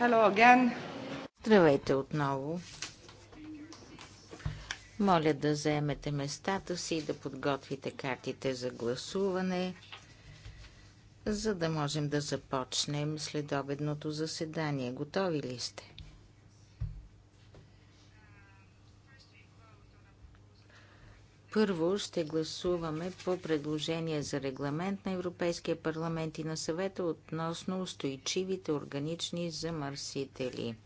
Hello again. Здравейте отново. Моля да заемете местата си и да подготвите картите за гласуване, за да можем да започнем следобедното заседание. Готови ли сте? Първо ще гласуваме по предложение за регламент на Европейския парламент и на съвета относно устойчивите органични замърсители.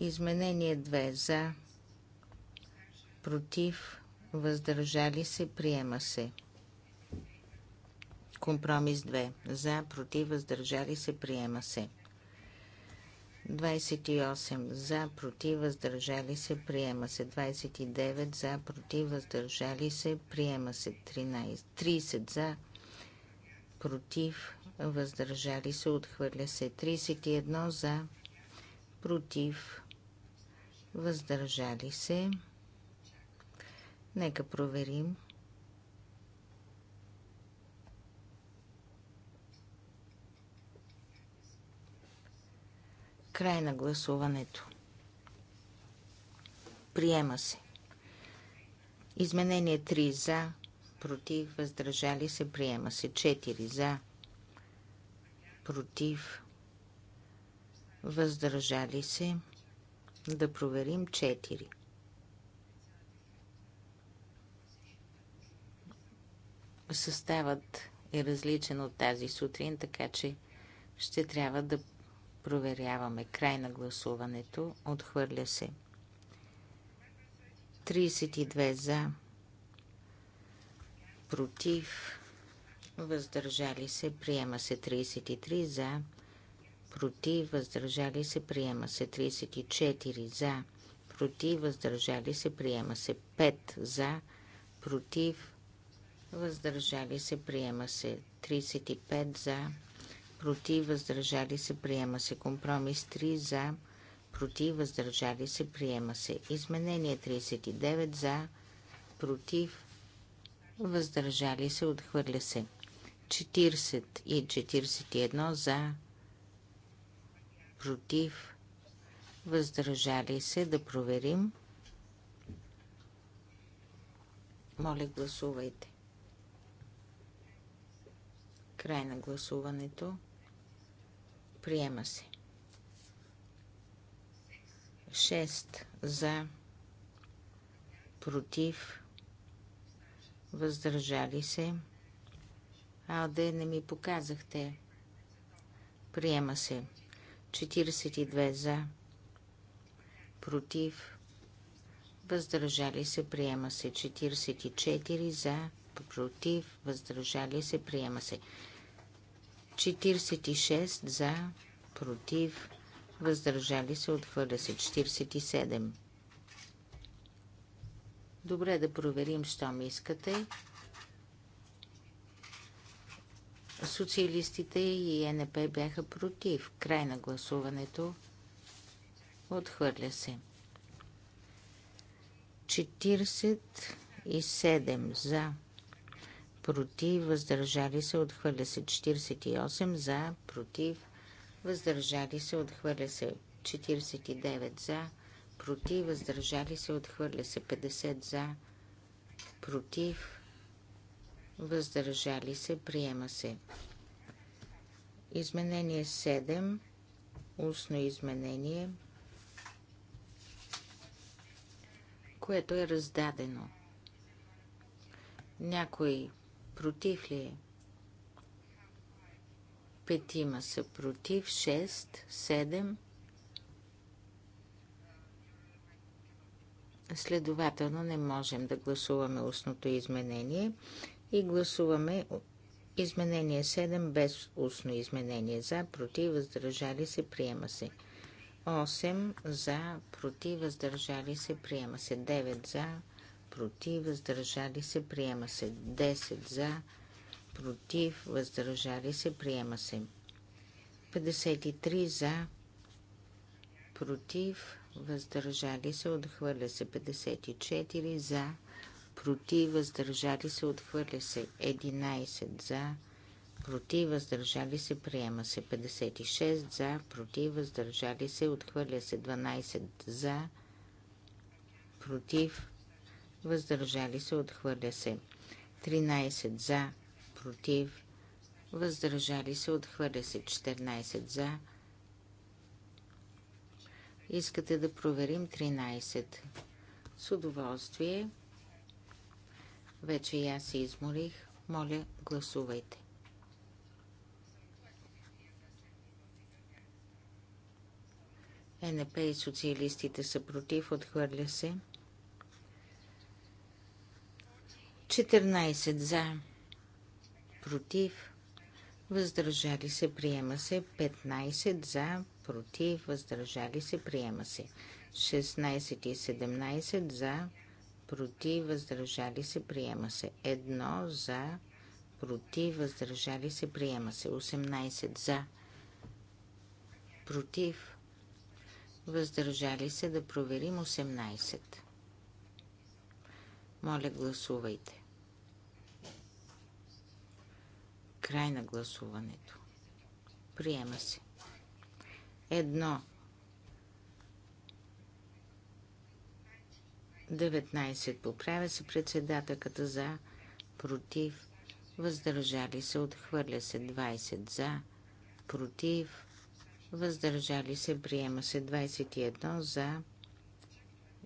Изменение 2 за против въздържали се приема се. Компромис 2 за против въздържали се приема се. 28 за, против, въздържали се, приема се. 29 за, против, въздържали се, приема се. 13, 30 за, против, въздържали се, отхвърля се. 31 за, против, въздържали се. Нека проверим. Край на гласуването. Приема се. Изменение 3 за, против, въздържали се, приема се. 4 за, против, въздържали се. Да проверим 4. Съставът е различен от тази сутрин, така че ще трябва да Проверяваме край на гласуването. Отхвърля се. 32 за. Против. Въздържали се. Приема се 33 за. Против. Въздържали се. Приема се 34 за. Против. Въздържали се. Приема се 5 за. Против. Въздържали се. Приема се 35 за против, въздържали се, приема се. Компромис 3 за, против, въздържали се, приема се. Изменение 39 за, против, въздържали се, отхвърля се. 40 и 41 за, против, въздържали се, да проверим. Моля, гласувайте. Край на гласуването. Приема се. 6 за, против, въздържали се. Алде, не ми показахте. Приема се. 42 за, против, въздържали се. Приема се. 44 за, против, въздържали се. Приема се. 46 за, против, въздържали се, отхвърля се 47. Добре да проверим, що ми искате. Социалистите и НП бяха против. Край на гласуването отхвърля се. 47 за, против, въздържали се, отхвърля се 48 за, против, въздържали се, отхвърля се 49 за, против, въздържали се, отхвърля се 50 за, против, въздържали се, приема се. Изменение 7, устно изменение, което е раздадено. Някой Против ли е? Петима са против. 6, 7. Следователно не можем да гласуваме устното изменение и гласуваме изменение 7 без устно изменение. За, против, въздържали се, приема се. 8 за, против, въздържали се, приема се. 9 за, против, въздържали се, приема се. 10 за, против, въздържали се, приема се. 53 за, против, въздържали се, отхвърля се. 54 за, против, въздържали се, отхвърля се. 11 за, против, въздържали се, приема се. 56 за, против, въздържали се, отхвърля се. 12 за, против, въздържали се, отхвърля се. 13 за, против, въздържали се, отхвърля се. 14 за. Искате да проверим 13. С удоволствие. Вече и аз се изморих. Моля, гласувайте. Е, НП и социалистите са против, отхвърля се. 14 за, против, въздържали се, приема се. 15 за, против, въздържали се, приема се. 16 и 17 за, против, въздържали се, приема се. 1 за, против, въздържали се, приема се. 18 за, против, въздържали се, да проверим 18. Моля, гласувайте. Край на гласуването. Приема се. Едно. 19 поправя се председателката за, против, въздържали се, отхвърля се 20 за, против, въздържали се, приема се 21 за.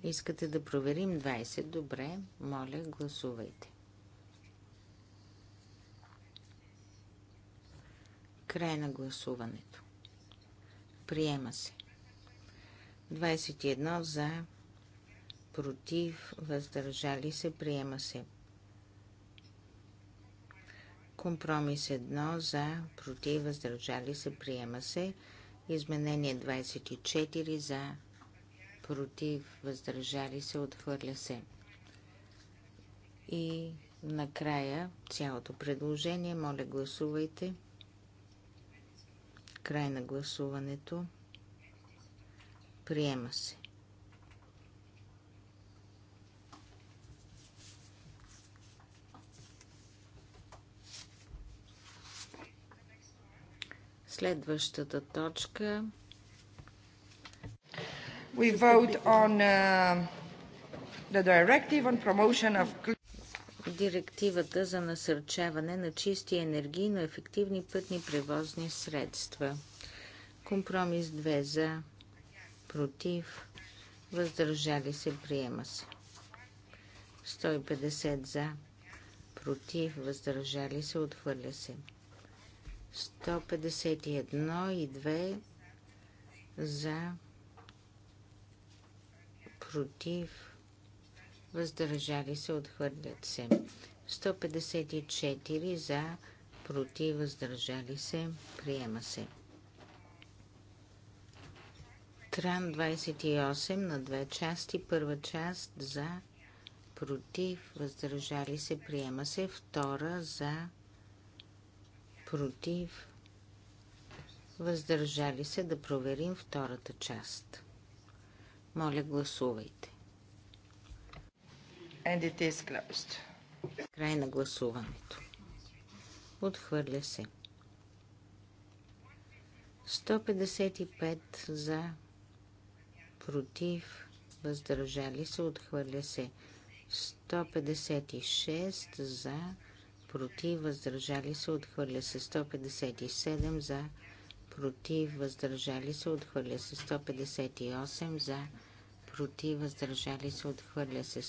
Искате да проверим 20? Добре, моля, гласувайте. Край на гласуването. Приема се. 21 за, против, въздържали се, приема се. Компромис 1 за, против, въздържали се, приема се. Изменение 24 за, против, въздържали се, отхвърля се. И накрая цялото предложение, моля гласувайте. Край на гласуването. Приема се. Следващата точка. We vote on uh, the directive on promotion of директивата за насърчаване на чисти енергийно ефективни пътни превозни средства. Компромис 2 за, против, въздържали се, приема се. 150 за, против, въздържали се, отхвърля се. 151 и 2 за, против, въздържали се, отхвърлят се. 154 за, против, въздържали се, приема се. Тран 28 на две части. Първа част за, против, въздържали се, приема се. Втора за, против, въздържали се да проверим втората част. Моля, гласувайте. And it is closed. Край на гласуването. Отхвърля се. 155 за, против, въздържали се, отхвърля се. 156 за, против, въздържали се, отхвърля се. 157 за, против, въздържали се, отхвърля се. 158 за, против, въздържали се, отхвърля се.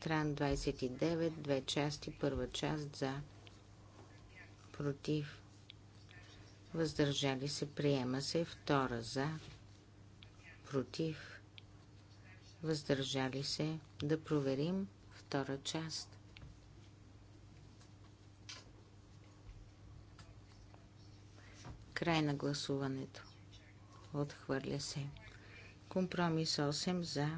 Тран 29, две части, първа част за, против, въздържали се, приема се, втора за, против, въздържали се, да проверим втора част. Край на гласуването. Отхвърля се. Компромис 8 за,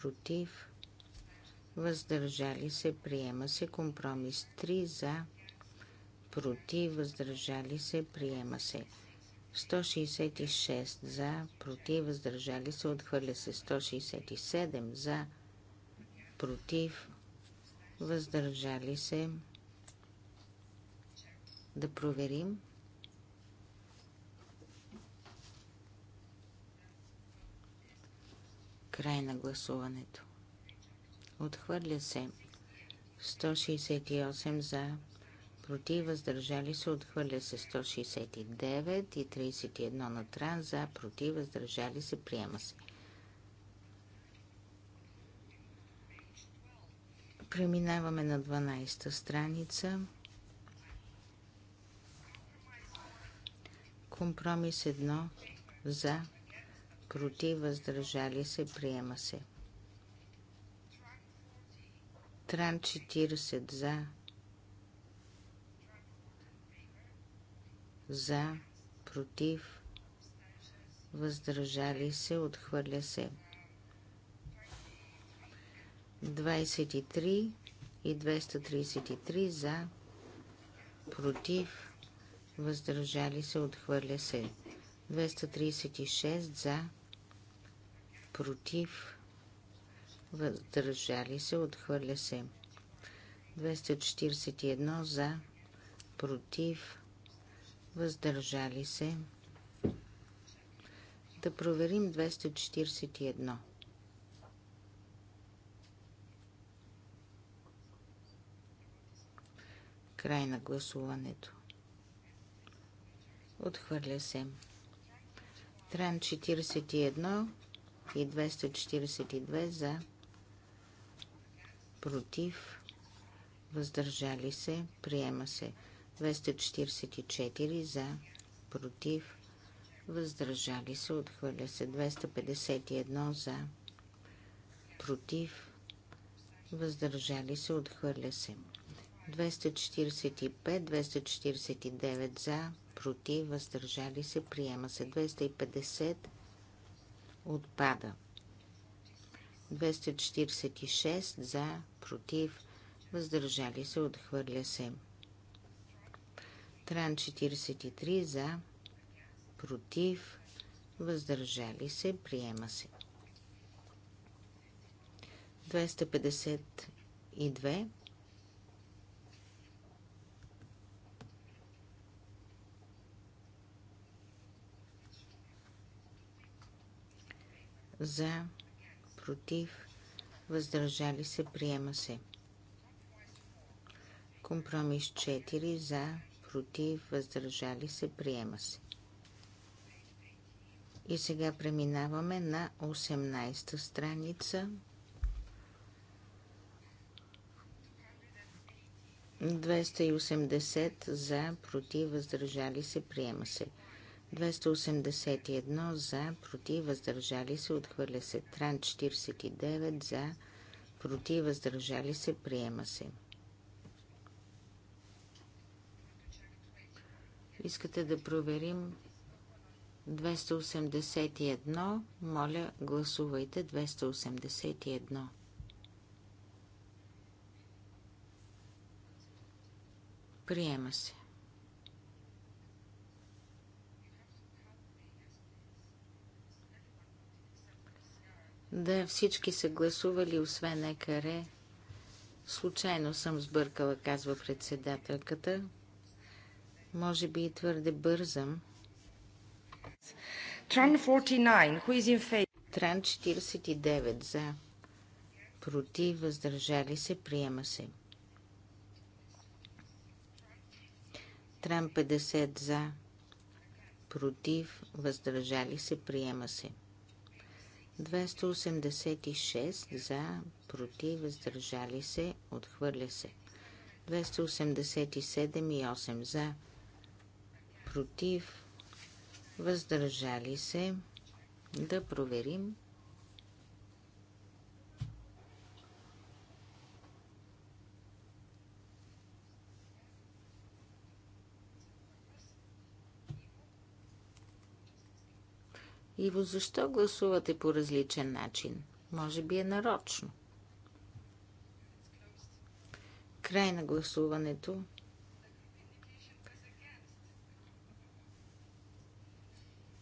против, въздържали се, приема се. Компромис 3 за, против, въздържали се, приема се. 166 за, против, въздържали се, отхвърля се. 167 за, против, въздържали се. Да проверим. Край на гласуването. Отхвърля се. 168 за. Против въздържали се. Отхвърля се 169 и 31 на тран за. Против въздържали се. Приема се. Преминаваме на 12-та страница. Компромис 1 за против, въздържали се, приема се. Тран 40 за. За, против, въздържали се, отхвърля се. 23 и 233 за, против, въздържали се, отхвърля се. 236 за, против, въздържали се, отхвърля се. 241 за, против, въздържали се. Да проверим 241. Край на гласуването. Отхвърля се. Тран 41 и 242 за, против, въздържали се, приема се. 244 за, против, въздържали се, отхвърля се. 251 за, против, въздържали се, отхвърля се. 245, 249 за, против, въздържали се, приема се. 250 отпада. 246 за, против, въздържали се, отхвърля се. Тран 43 за, против, въздържали се, приема се. 252 за, против, въздържали се, приема се. Компромис 4 за, против, въздържали се, приема се. И сега преминаваме на 18-та страница. 280 за, против, въздържали се, приема се. 281 за, против, въздържали се, отхвърля се. Тран 49 за, против, въздържали се, приема се. Искате да проверим 281. Моля, гласувайте 281. Приема се. Да, всички са гласували, освен екаре. Случайно съм сбъркала, казва председателката. Може би и твърде бързам. Тран 49, кой е в Тран 49, за. Против, въздържали се, приема се. Тран 50, за. Против, въздържали се, приема се. 286 за, против, въздържали се, отхвърля се. 287 и 8 за, против, въздържали се. Да проверим. Иво, защо гласувате по различен начин? Може би е нарочно. Край на гласуването.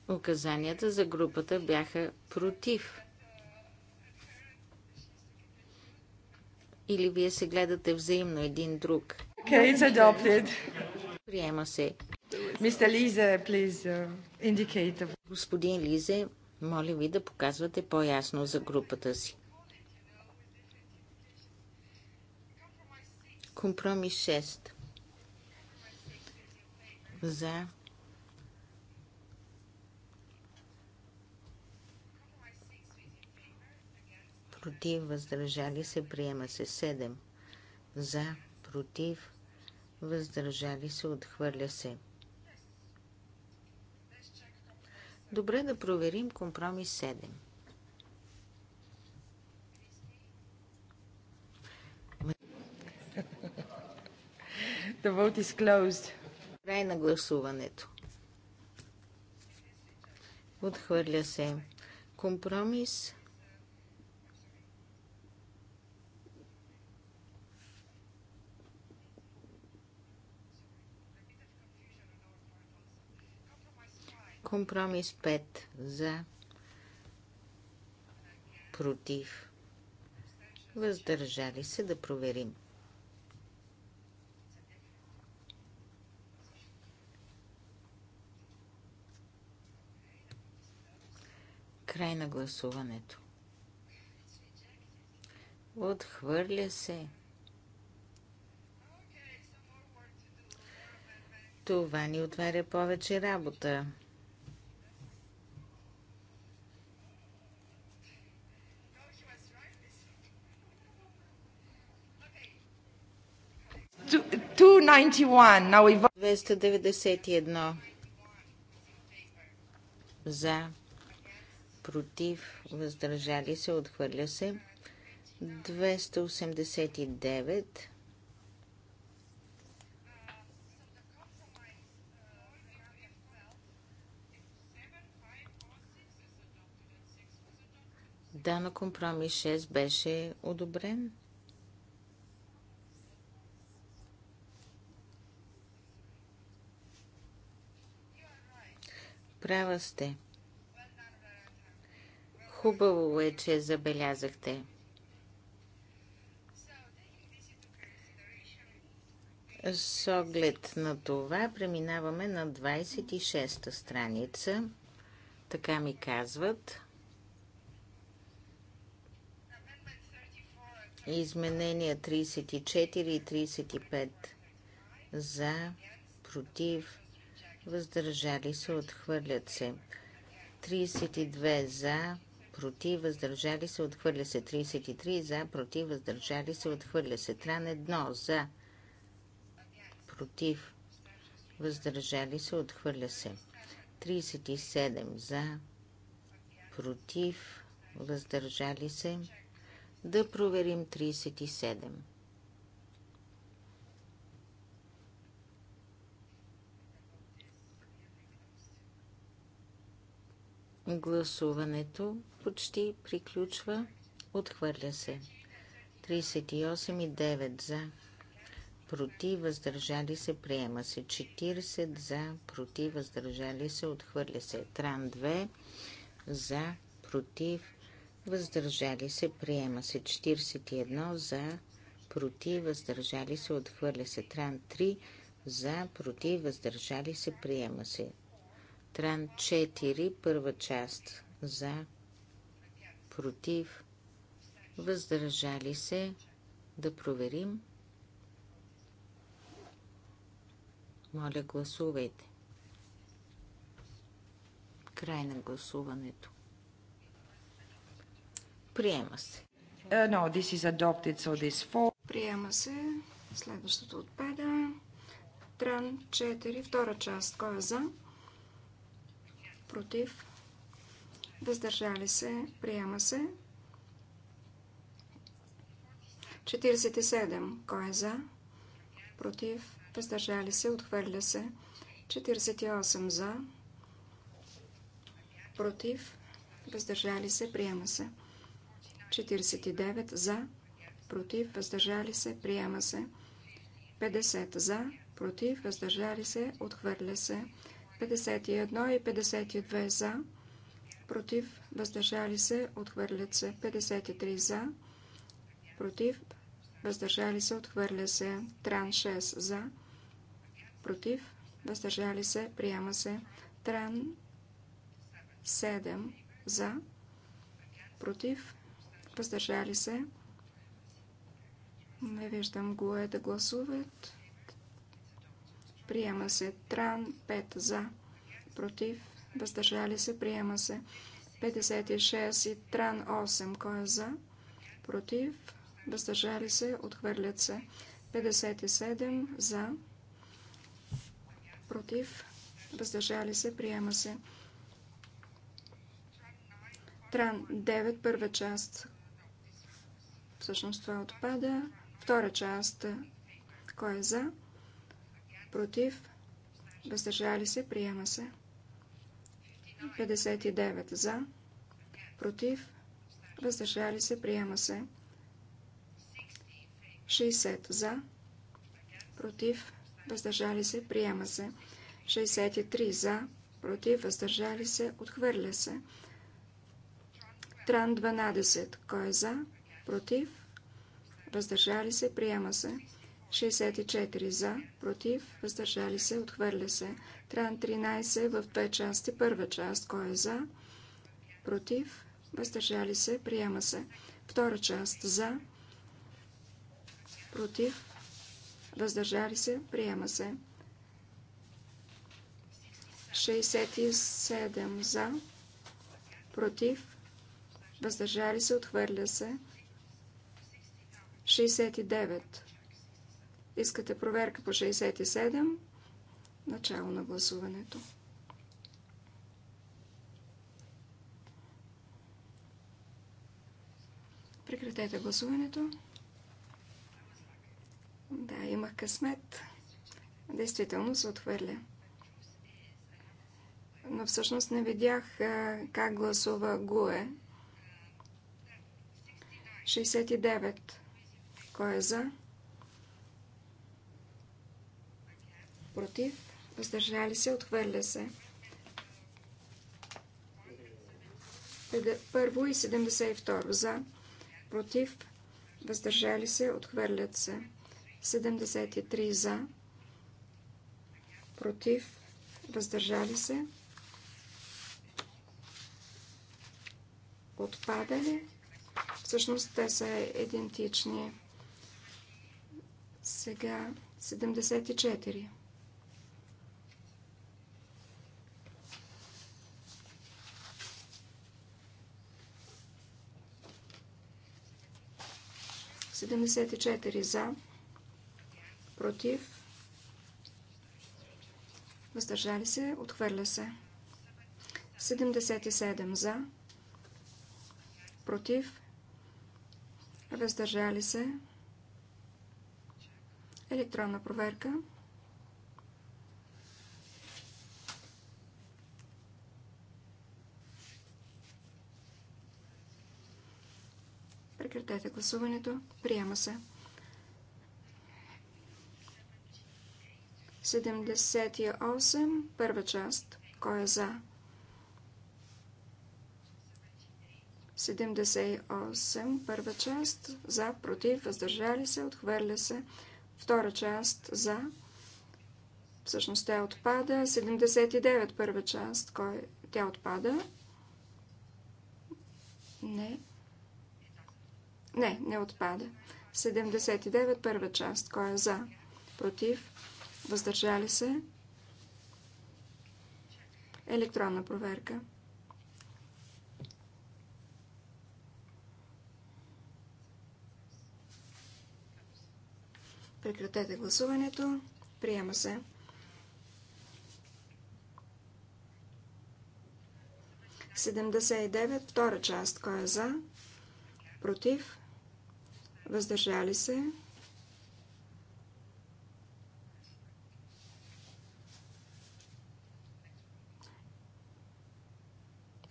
Указанията за групата бяха против. Или вие се гледате взаимно един друг. Приема се. Мистер Лизе, uh, Господин Лизе, моля ви да показвате по-ясно за групата си. Компромис 6. За. Против, въздържали се, приема се 7. За, против, въздържали се, отхвърля се Добре да проверим компромис 7. The vote is closed. Край на гласуването. Отхвърля се. Компромис 7. Компромис 5 за, против, въздържали се да проверим. Край на гласуването. Отхвърля се. Това ни отваря повече работа. 291. За. Против. Въздържали се. Отхвърля се. 289. Да, на компромис 6 беше одобрен. права сте. Хубаво е, че забелязахте. С оглед на това преминаваме на 26-та страница. Така ми казват. Изменения 34 и 35 за, против, въздържали се, отхвърлят се. 32 за, против, въздържали се, отхвърля се. 33 за, против, въздържали се, отхвърля се. Тран 1 за, против, въздържали се, отхвърля се. 37 за, против, въздържали се. Да проверим 37. Гласуването почти приключва. Отхвърля се. 38 и 9 за. Против, въздържали се, приема се. 40 за, против, въздържали се, отхвърля се. Тран 2 за, против, въздържали се, приема се. 41 за, против, въздържали се, отхвърля се. Тран 3 за, против, въздържали се, приема се. Тран 4, първа част. За, против, въздържали се. Да проверим. Моля, гласувайте. Край на гласуването. Приема се. Uh, no, this is adopted, so this fall. Приема се. Следващото отпада. Тран 4, втора част. Кой е за? против, въздържали се, приема се. 47. Кой е за? Против, въздържали се, отхвърля се. 48 за, против, въздържали се, приема се. 49 за, против, въздържали се, приема се. 50 за, против, въздържали се, отхвърля се. 51 и 52 за, против, въздържали се, отхвърлят се. 53 за, против, въздържали се, отхвърля се. Тран 6 за, против, въздържали се, приема се. Тран 7 за, против, въздържали се. Не виждам го е да гласуват. Приема се. Тран 5 за. Против. Въздържали се. Приема се. 56 и Тран 8. Кой е за? Против. Въздържали се. Отхвърлят се. 57 за. Против. Въздържали се. Приема се. Тран 9. Първа част. Всъщност това отпада. Втора част. Кой е за? против, въздържали се, приема се. 59 за, против, въздържали се, приема се. 60 за, против, въздържали се, приема се. 63 за, против, въздържали се, отхвърля се. Тран 12, кой е за, против, въздържали се, приема се. 64 за, против, въздържали се, отхвърля се. Тран 13 в две части. Първа част, кой е за, против, въздържали се, приема се. Втора част, за, против, въздържали се, приема се. 67 за, против, въздържали се, отхвърля се. 69 Искате проверка по 67. Начало на гласуването. Прекратете гласуването. Да, имах късмет. Действително се отхвърля. Но всъщност не видях как гласува Гуе. 69. Кой е за? против, въздържали се, отхвърля се. Първо и 72 за, против, въздържали се, отхвърлят се. 73 за, против, въздържали се, отпадали. Всъщност те са идентични. Сега 74. 74 за, против, въздържали се, отхвърля се. 77 за, против, въздържали се. Електронна проверка. Прекратете гласуването. Приема се. 78, първа част. Кой е за? 78, първа част. За, против, въздържали се, отхвърля се. Втора част. За. Всъщност тя отпада. 79, първа част. Кой? Тя отпада. Не. Не, не отпада. 79 първа част. Кой е за? Против? Въздържали се? Електронна проверка. Прекратете гласуването. Приема се. Седемдесет и девет, втора част. Кой е за? Против? въздържали се.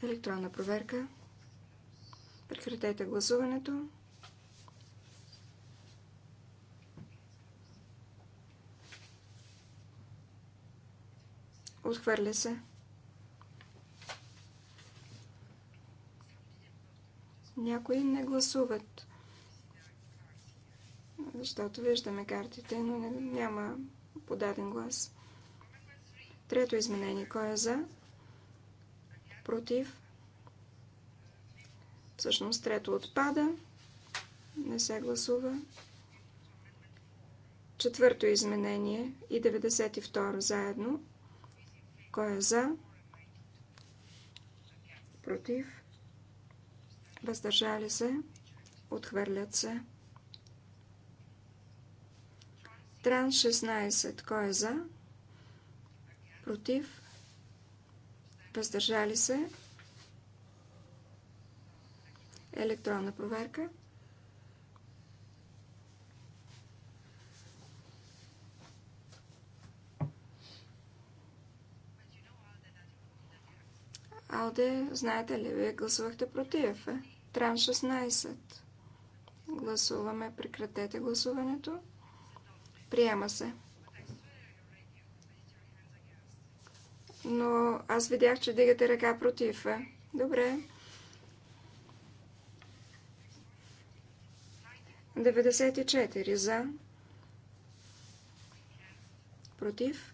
Електронна проверка. Прекратете гласуването. Отхвърля се. Някои не гласуват защото виждаме картите, но няма подаден глас. Трето изменение. Кой е за? Против? Всъщност трето отпада. Не се гласува. Четвърто изменение и 92 заедно. Кой е за? Против? Въздържали се? Отхвърлят се? Тран 16. Кой е за? Против? Въздържали се? Електронна проверка. Алде, знаете ли, вие гласувахте против. Е? Тран 16. Гласуваме. Прекратете гласуването. Приема се. Но аз видях, че дигате ръка против. Е, добре. 94 за. Против.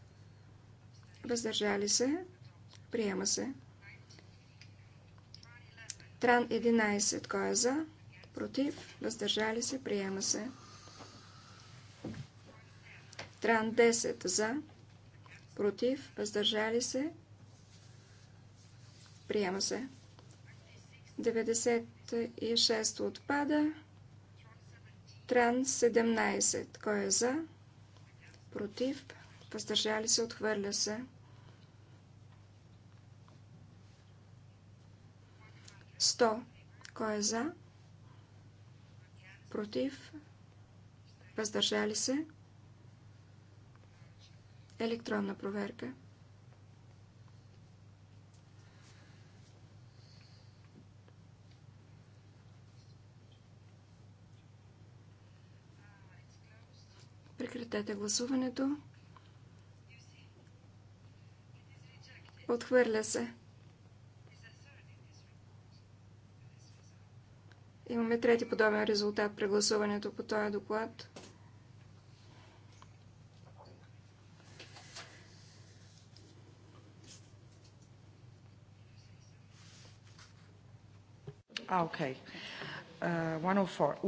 Въздържали се. Приема се. Тран 11. Кой е за? Против. Въздържали се. Приема се. Тран 10 за, против, въздържали се, приема се. 96 отпада. Тран 17. Кой е за? Против. Въздържали се, отхвърля се. 100. Кой е за? Против. Въздържали се. Електронна проверка. Прекратете гласуването. Отхвърля се. Имаме трети подобен резултат при гласуването по този доклад. А, окей. Okay. Uh, 104.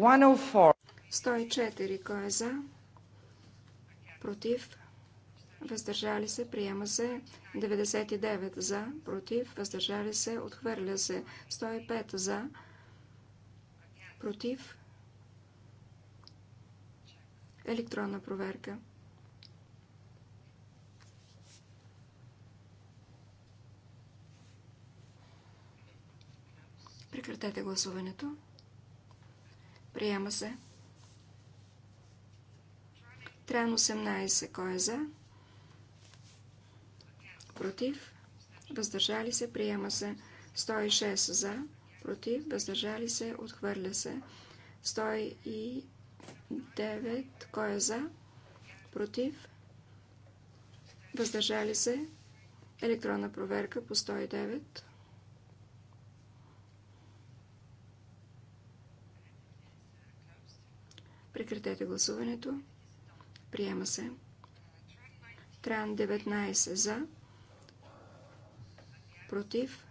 104. Кой е за? Против? Въздържали се? Приема се. 99 за. Против? Въздържали се? Отхвърля се. 105 за. Против? Електронна проверка. Прекратете гласуването. Приема се. Тран 18. Кой е за? Против. Въздържали се. Приема се. 106 за. Против. Въздържали се. Отхвърля се. 109. Кой е за? Против. Въздържали се. Електронна проверка по 109. Прекратете гласуването. Приема се. Тран 19 за. Против.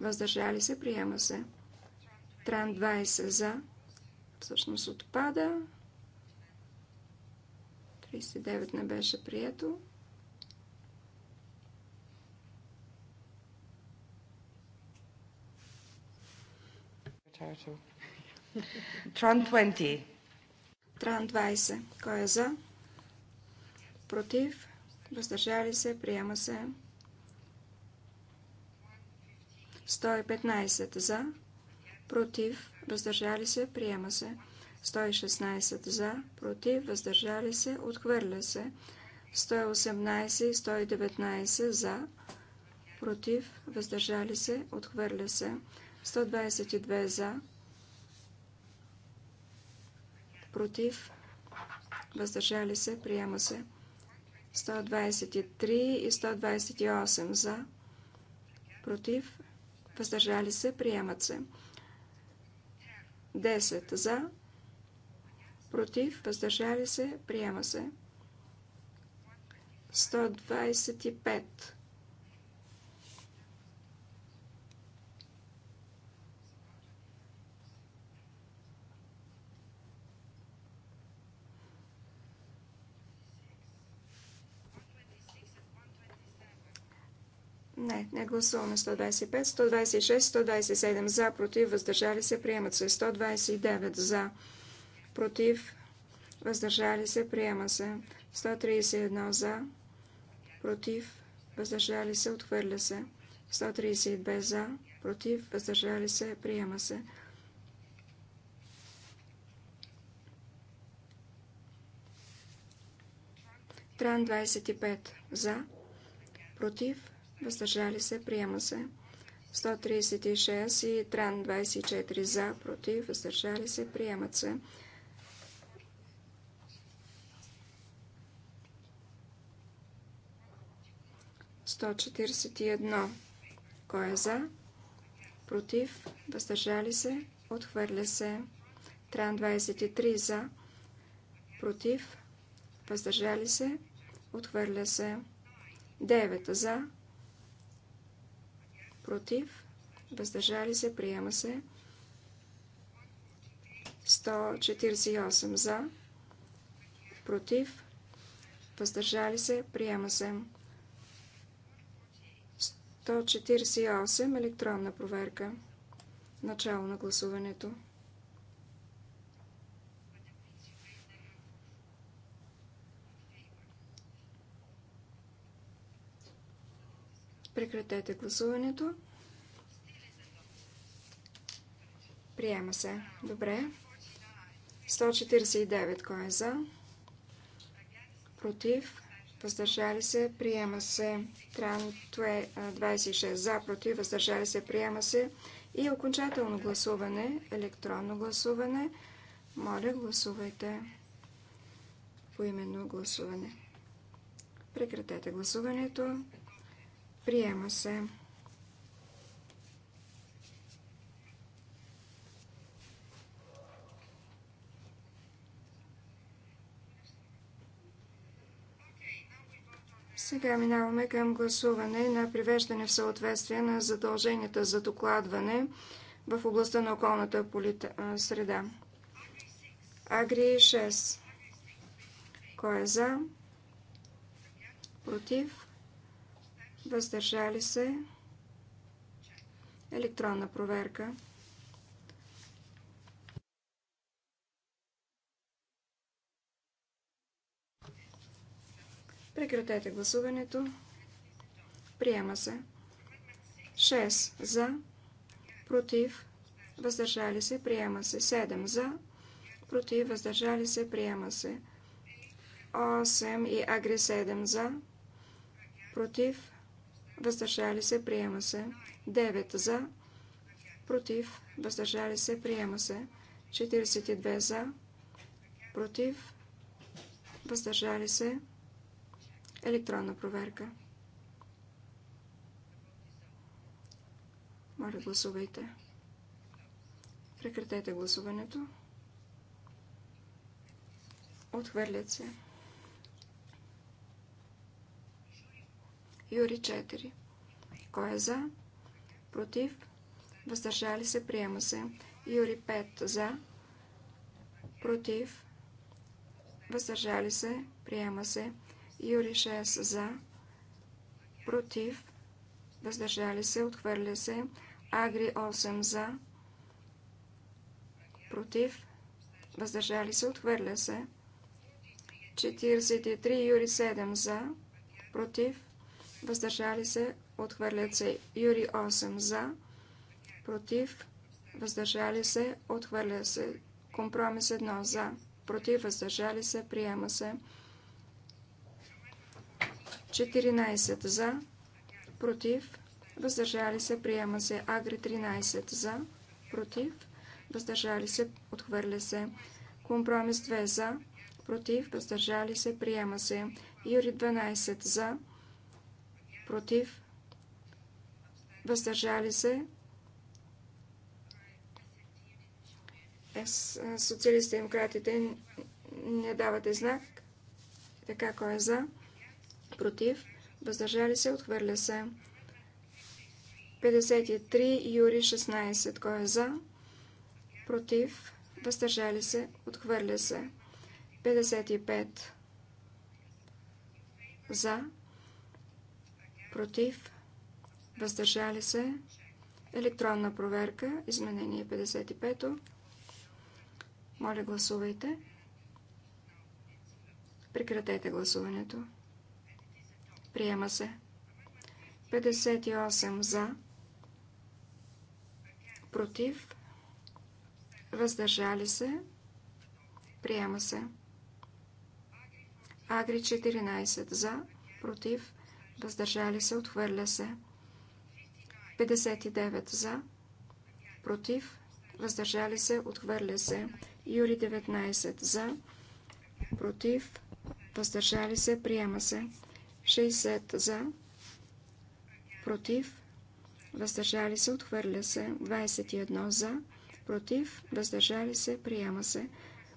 Въздържали се. Приема се. Тран 20 за. Всъщност отпада. 39 не беше прието. Тран 20. Тран 20. Кой е за? Против? Въздържали се? Приема се. 115 за. Против? Въздържали се? Приема се. 116 за. Против? Въздържали се? Отхвърля се. 118 и 119 за. Против? Въздържали се? Отхвърля се. 122 за против, въздържали се, приема се. 123 и 128 за, против, въздържали се, приемат се. 10 за, против, въздържали се, приема се. 125 Не, не гласуваме 125, 126, 127 за, против, въздържали се, приемат се. 129 за, против, въздържали се, приема се. 131 за, против, въздържали се, отхвърля се. 132 за, против, въздържали се, приема се. Тран 25 за, против, въздържали се, приема се. 136 и Тран 24 за, против, въздържали се, приемат се. Сто едно. Кой е за? Против, въздържали се, отхвърля се. Тран 23 за, против, въздържали се, отхвърля се. 9 за, против, въздържали се, приема се. 148 за, против, въздържали се, приема се. 148 електронна проверка. Начало на гласуването. Прекратете гласуването. Приема се. Добре. 149. Кой е за? Против. Въздържали се. Приема се. Тран 26. За. Против. Въздържали се. Приема се. И окончателно гласуване. Електронно гласуване. Моля, гласувайте. Поименно гласуване. Прекратете гласуването. Приема се. Сега минаваме към гласуване на привеждане в съответствие на задълженията за докладване в областта на околната среда. Агри 6. Кой е за? Против? въздържали се, електронна проверка. Прекратете гласуването. Приема се. 6 за, против, въздържали се, приема се. 7 за, против, въздържали се, приема се. 8 и агри 7 за, против, въздържали се, приема се. 9 за, против, въздържали се, приема се. 42 за, против, въздържали се, електронна проверка. Моля, гласувайте. Прекратете гласуването. Отхвърлят се. Юри 4. Кой е за? Против? Въздържали се? Приема се. Юри 5. За? Против? Въздържали се? Приема се. Юри 6. За? Против? Въздържали се? Отхвърля се. Агри 8. За? Против? Въздържали се? Отхвърля се. 43. Юри 7. За? Против? въздържали се, отхвърлят се. Юри 8 за, против, въздържали се, отхвърля се. Компромис 1 за, против, въздържали се, приема се. 14 за, против, въздържали се, приема се. Агри 13 за, против, въздържали се, отхвърля се. Компромис 2 за, против, въздържали се, приема се. Юри 12 за, против, против, въздържали се. Социалистите и демократите не давате знак. Така, кой е за? Против. Въздържали се, отхвърля се. 53, Юри 16. Кой е за? Против. Въздържали се, отхвърля се. 55. За против, въздържали се, електронна проверка, изменение 55-то. Моля, гласувайте. Прекратете гласуването. Приема се. 58 за, против, въздържали се, приема се. Агри 14 за, против, въздържали се, отхвърля се. 59 за, против, въздържали се, отхвърля се. Юри 19 за, против, въздържали се, приема се. 60 за, против, въздържали се, отхвърля се. 21 за, против, въздържали се, приема се.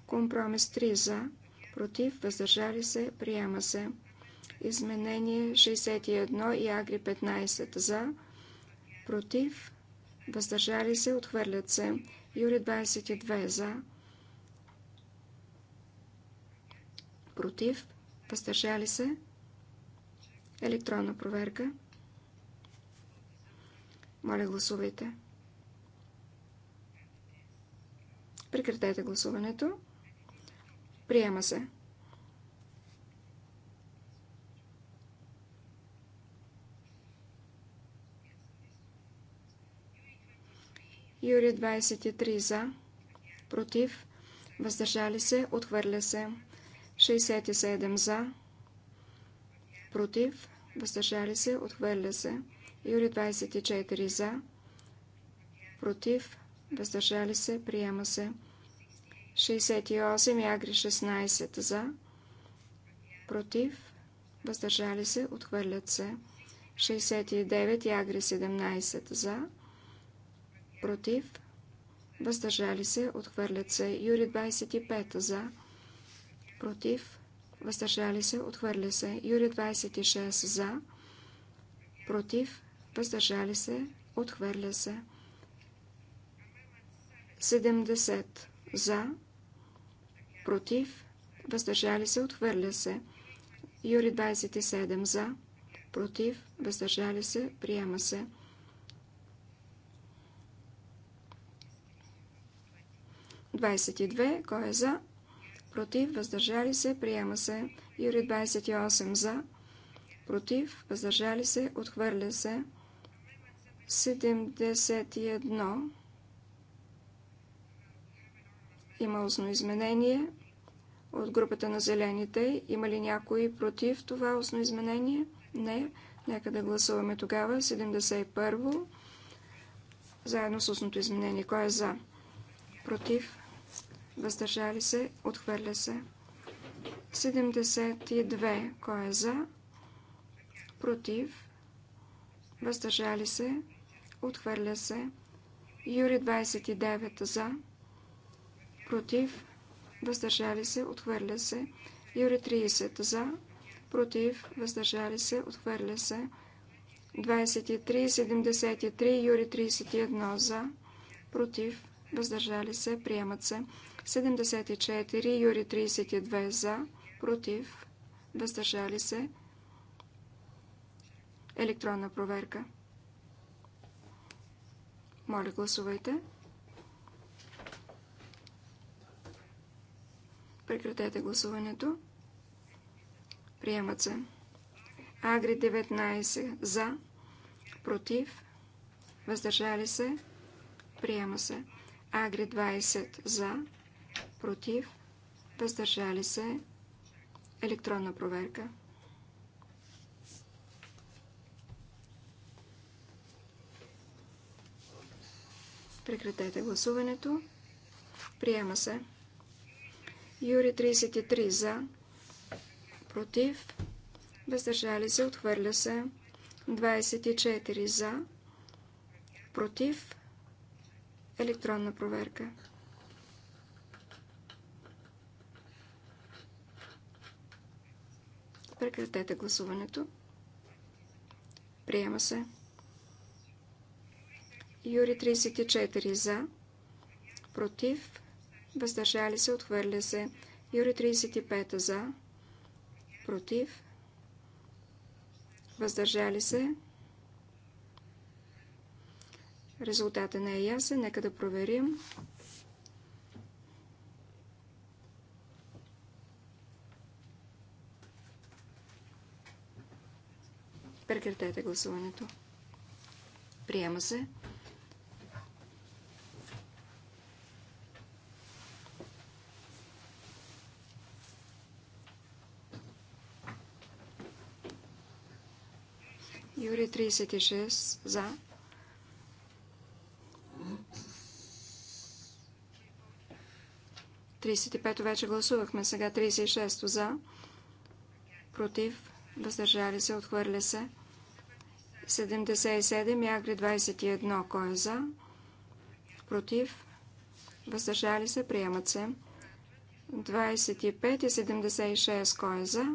Компромис 3 за, против, въздържали се, приема се. Изменение 61 и Агри 15 за, против, въздържали се, отхвърлят се. Юри 22 за, против, въздържали се. Електронна проверка. Моля, гласувайте. Прекратете гласуването. Приема се. Юри 23 за, против, въздържали се, отхвърля се. 67 за, против, въздържали се, отхвърля се. Юри 24 за, против, въздържали се, приема се. 68 и Агри 16 за, против, въздържали се, отхвърлят се. 69 и Агри 17 за, против, против, въздържали се, отхвърлят се. Юри 25 за, против, въздържали се, отхвърля се. Юри 26 за, против, въздържали се, отхвърля се. 70 за, против, въздържали се, отхвърля се. Юри 27 за, против, въздържали се, приема се. 22. Кой е за? Против. Въздържали се. Приема се. Юри 28. За. Против. Въздържали се. Отхвърля се. 71. Има устно изменение от групата на зелените. Има ли някой против това устно изменение? Не. Нека да гласуваме тогава. 71. Заедно с устното изменение. Кой е за? Против? въздържали се, отхвърля се. 72. Кой е за? Против. Въздържали се. Отхвърля се. Юри 29 за. Против. Въздържали се. Отхвърля се. Юри 30 за. Против. Въздържали се. Отхвърля се. 23, 73, Юри 31 за. Против. Въздържали се. Приемат се. 74, Юри 32 за, против, въздържали се. Електронна проверка. Моля, гласувайте. Прекратете гласуването. Приемат се. Агри 19 за, против, въздържали се, приема се. Агри 20 за, против, въздържали се, електронна проверка. Прекратете гласуването. Приема се. Юри 33 за. Против. Въздържали се. Отхвърля се. 24 за. Против. Електронна проверка. Прекратете гласуването. Приема се. Юри 34 за, против, въздържали се, отхвърля се. Юри 35 за, против, въздържали се. Резултата не е ясен, нека да проверим. Прекратете гласуването. Приема се. Юри 36 за. Тридесет и пето вече гласувахме, сега 36 за, против въздържали се, отхвърля се. 77 Ягри, 21, кой е за, против, въздържали се, приемат се. 25 и 76, кой е за,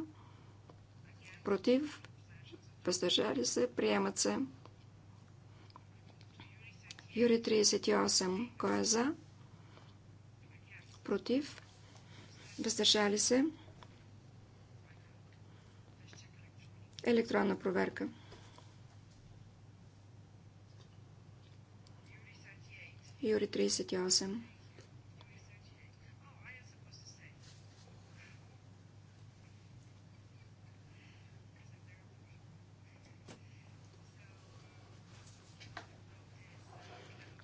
против, въздържали се, приемат се. Юри 38, кой е за, против, въздържали се. Електронна проверка. Юри 38.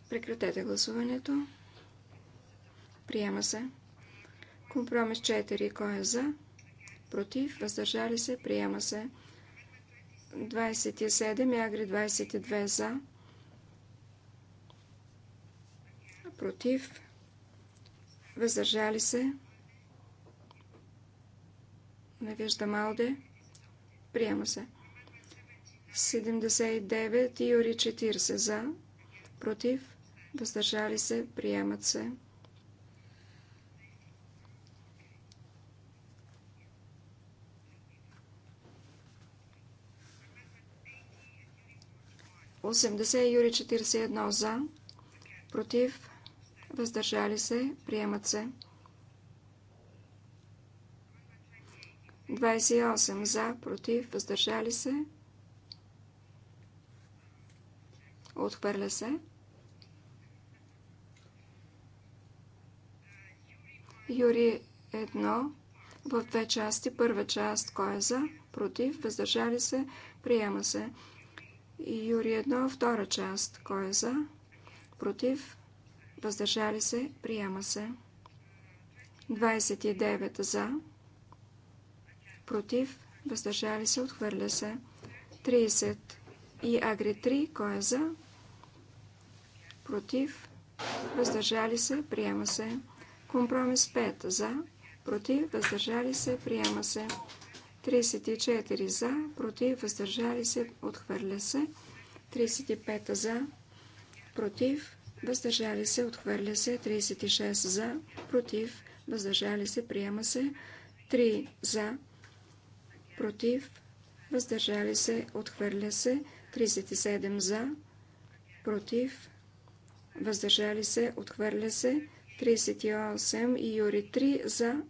Прекратете гласуването. Приема се. Компромис 4. Кой е за? Против? Въздържали се? Приема се. 27 и Агри 22 за. Против. Въздържали се. Не виждам Алде. Приема се. 79 и Юри 40 за. Против. Въздържали се. Приемат се. 80 юри 41 за, против, въздържали се, приемат се. 28 за, против, въздържали се, отхвърля се. Юри 1 в две части. Първа част, кой е за, против, въздържали се, приема се. И Юри 1, втора част. Кой е за? Против? Въздържали се? Приема се. 29 за. Против? Въздържали се? Отхвърля се. 30 и Агри 3. Кой е за? Против? Въздържали се? Приема се. Компромис 5 за. Против? Въздържали се? Приема се. 34 за, против, въздържали се, отхвърля се. 35 за, против, въздържали се, отхвърля се. 36 за, против, въздържали се, приема се. 3 за, против, въздържали се, отхвърля се. 37 за, против, въздържали се, отхвърля се. 38 и Юри 3 за,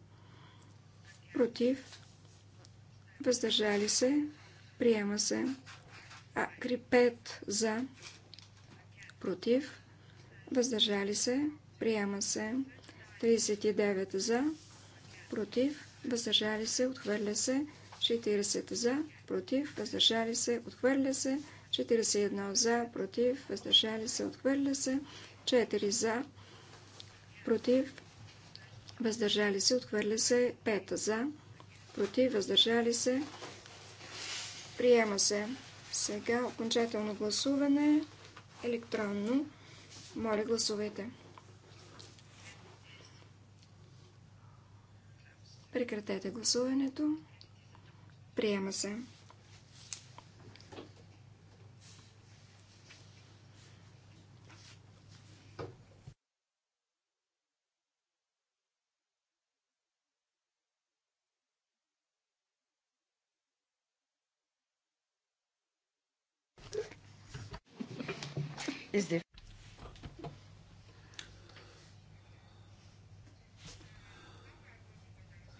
против, въздържали се, приема се. при 5 за, против, въздържали се, приема се. 39 за, против, въздържали се, отхвърля се. 40 за, против, въздържали се, отхвърля се. 41 за, против, въздържали се, отхвърля се. 4 за, против, въздържали се, отхвърля се. 5 за, против, въздържали се, приема се. Сега окончателно гласуване, електронно. Моля, гласувайте. Прекратете гласуването. Приема се. is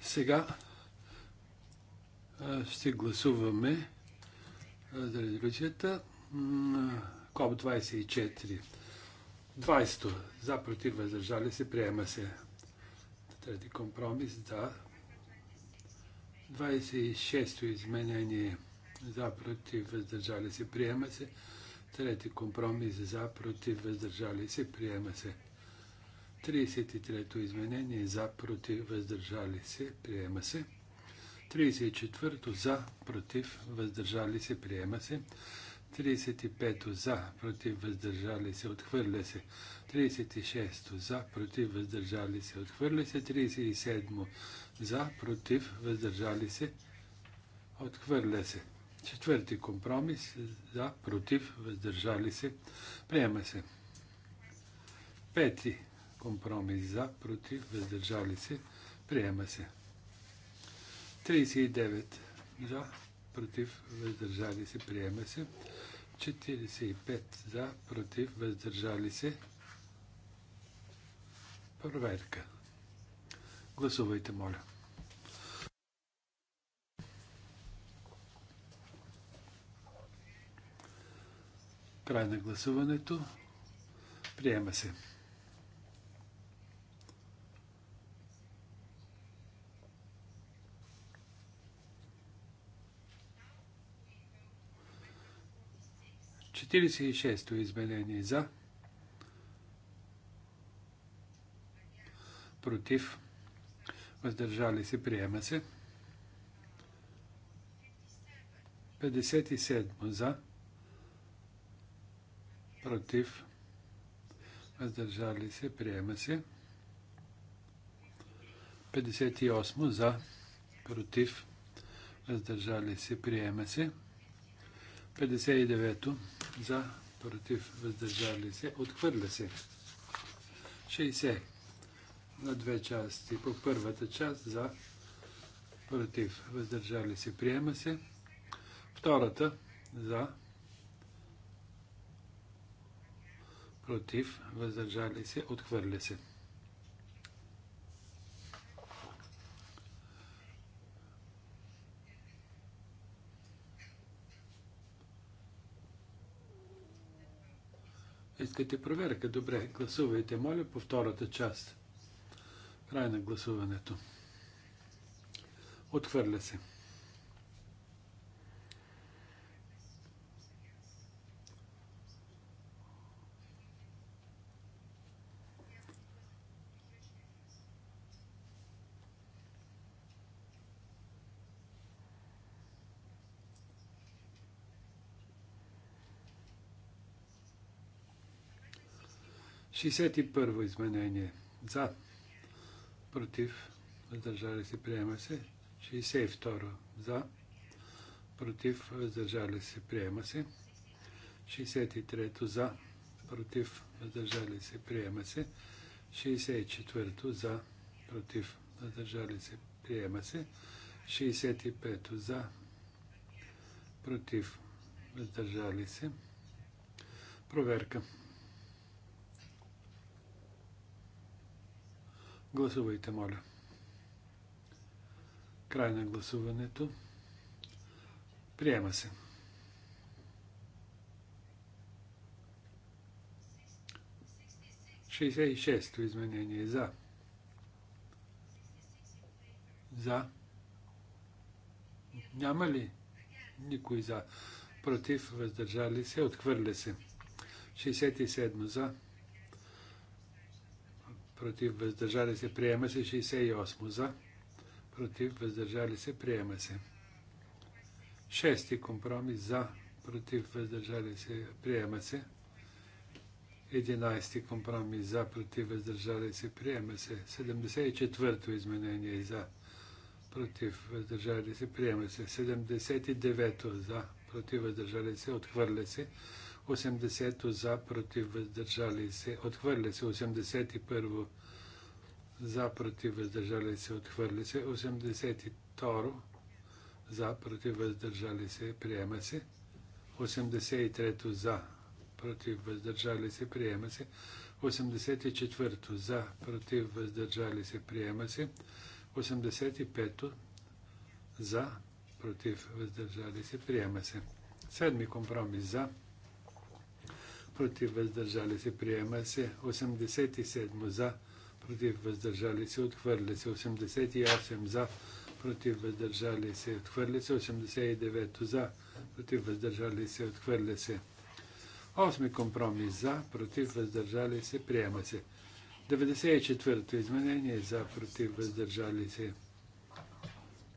Сега ще гласуваме за резолюцията КОП-24. 20. За против въздържали се, приема се. Трети компромис, да. 26 изменение за против въздържали се, приема се. Трети компромис за, против, въздържали се, приема се. 33-то изменение за, против, въздържали се, приема се. 34-то за, против, въздържали се, приема се. 35 за, против въздържали се, отхвърля се. 36 за, против въздържали се, отхвърля се. 37 за, против въздържали се, отхвърля се. Четвърти компромис за, против, въздържали се, приема се. Пети компромис за, против, въздържали се, приема се. 39 за, против, въздържали се, приема се. 45 за, против, въздържали се. Проверка. Гласувайте, моля. Край на гласуването. Приема се. Четиридесет и шесто изменение за. Против. Въздържали се. Приема се. седмо за против, въздържали се, приема се. 58 за, против, въздържали се, приема се. 59 за, против, въздържали се, отхвърля се. 60 на две части. По първата част за, против, въздържали се, приема се. Втората за, против, въздържали се, отхвърля се. Искате проверка? Добре, гласувайте, моля, по втората част. Край на гласуването. Отхвърля се. 61-во изменение. За. Против. Въздържали се. Приема се. 62 во За. Против. Въздържали се. Приема се. 63-то. За. Против. Въздържали се. Приема се. 64-то. За. Против. Въздържали се. Приема се. 65-то. За. Против. Въздържали се. Проверка. Гласувайте, моля. Край на гласуването. Приема се. Шестдесет и шесто изменение за. За. Няма ли никой за? Против, въздържали се, отхвърля се. 67 за против, въздържали се, приема се. 68 за, против, въздържали се, приема се. Шести компромис за, против, въздържали се, приема се. 11 компромис за, против, въздържали се, приема се. 74-то изменение за, против, въздържали се, приема се. 79-то за, против, въздържали се, отхвърля се. 80 за, против, въздържали се, отхвърля се. 81 за, против, въздържали се, отхвърля се. 82 за, против, въздържали се, приема се. 83 за, против, въздържали се, приема се. 84 за, против, въздържали се, приема се. 85 за, против, въздържали се, приема се. Седми компромис за, против въздържали се, приема се. 87 за, против въздържали се, отхвърля се. 88 за, против въздържали се, отхвърля се. 89 за, против въздържали се, отхвърля се. Осми компромис за, против въздържали се, приема се. 94-то изменение за, против въздържали се,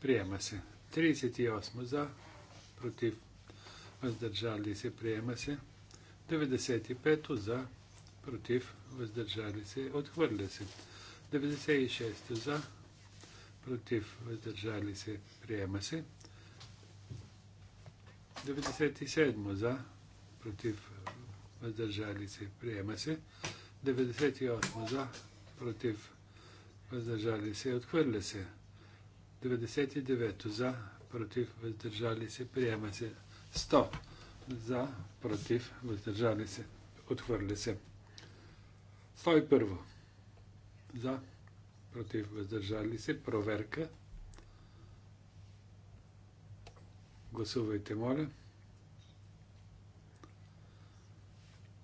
приема се. 38 за, против въздържали се, приема се. 95 за, против, въздържали се, отхвърля се. 96 за, против, въздържали се, приема се. 97 за, против, въздържали се, приема се. 98 за, против, въздържали се, отхвърля се. 99 за, против, въздържали се, приема се. 100 за, против, въздържали се, отхвърли се. 101. За, против, въздържали се, проверка. Гласувайте, моля.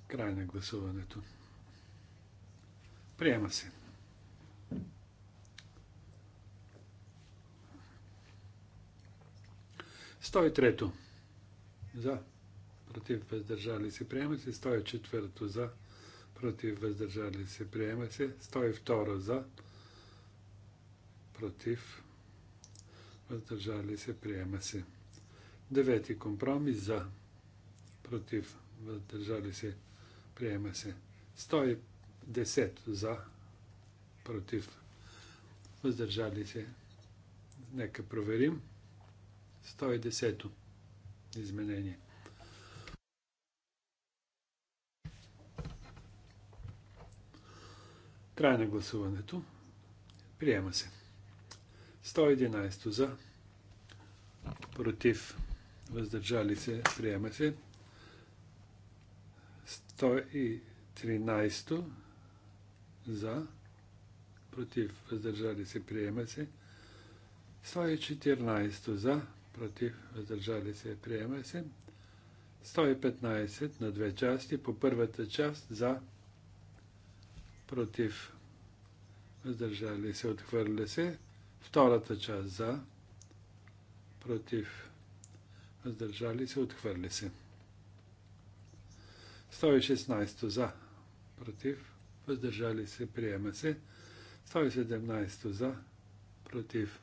Край на гласуването. Приема се. Сто трето. За против, въздържали се, приема се. 104 за, против, въздържали се, приема се. 102 за, против, въздържали се, приема се. Девети компромис за, против, въздържали се, приема се. 110 за, против, въздържали се. Нека проверим. 110 изменение. Край на гласуването. Приема се. 111 за. Против. Въздържали се. Приема се. 113 за. Против. Въздържали се. Приема се. 114 за. Против. Въздържали се. Приема се. 115 на две части. По първата част за против, въздържали се, отхвърля се. Втората част за, против, въздържали се, отхвърли се. 116 за, против, въздържали се, приема се. 117 за, против,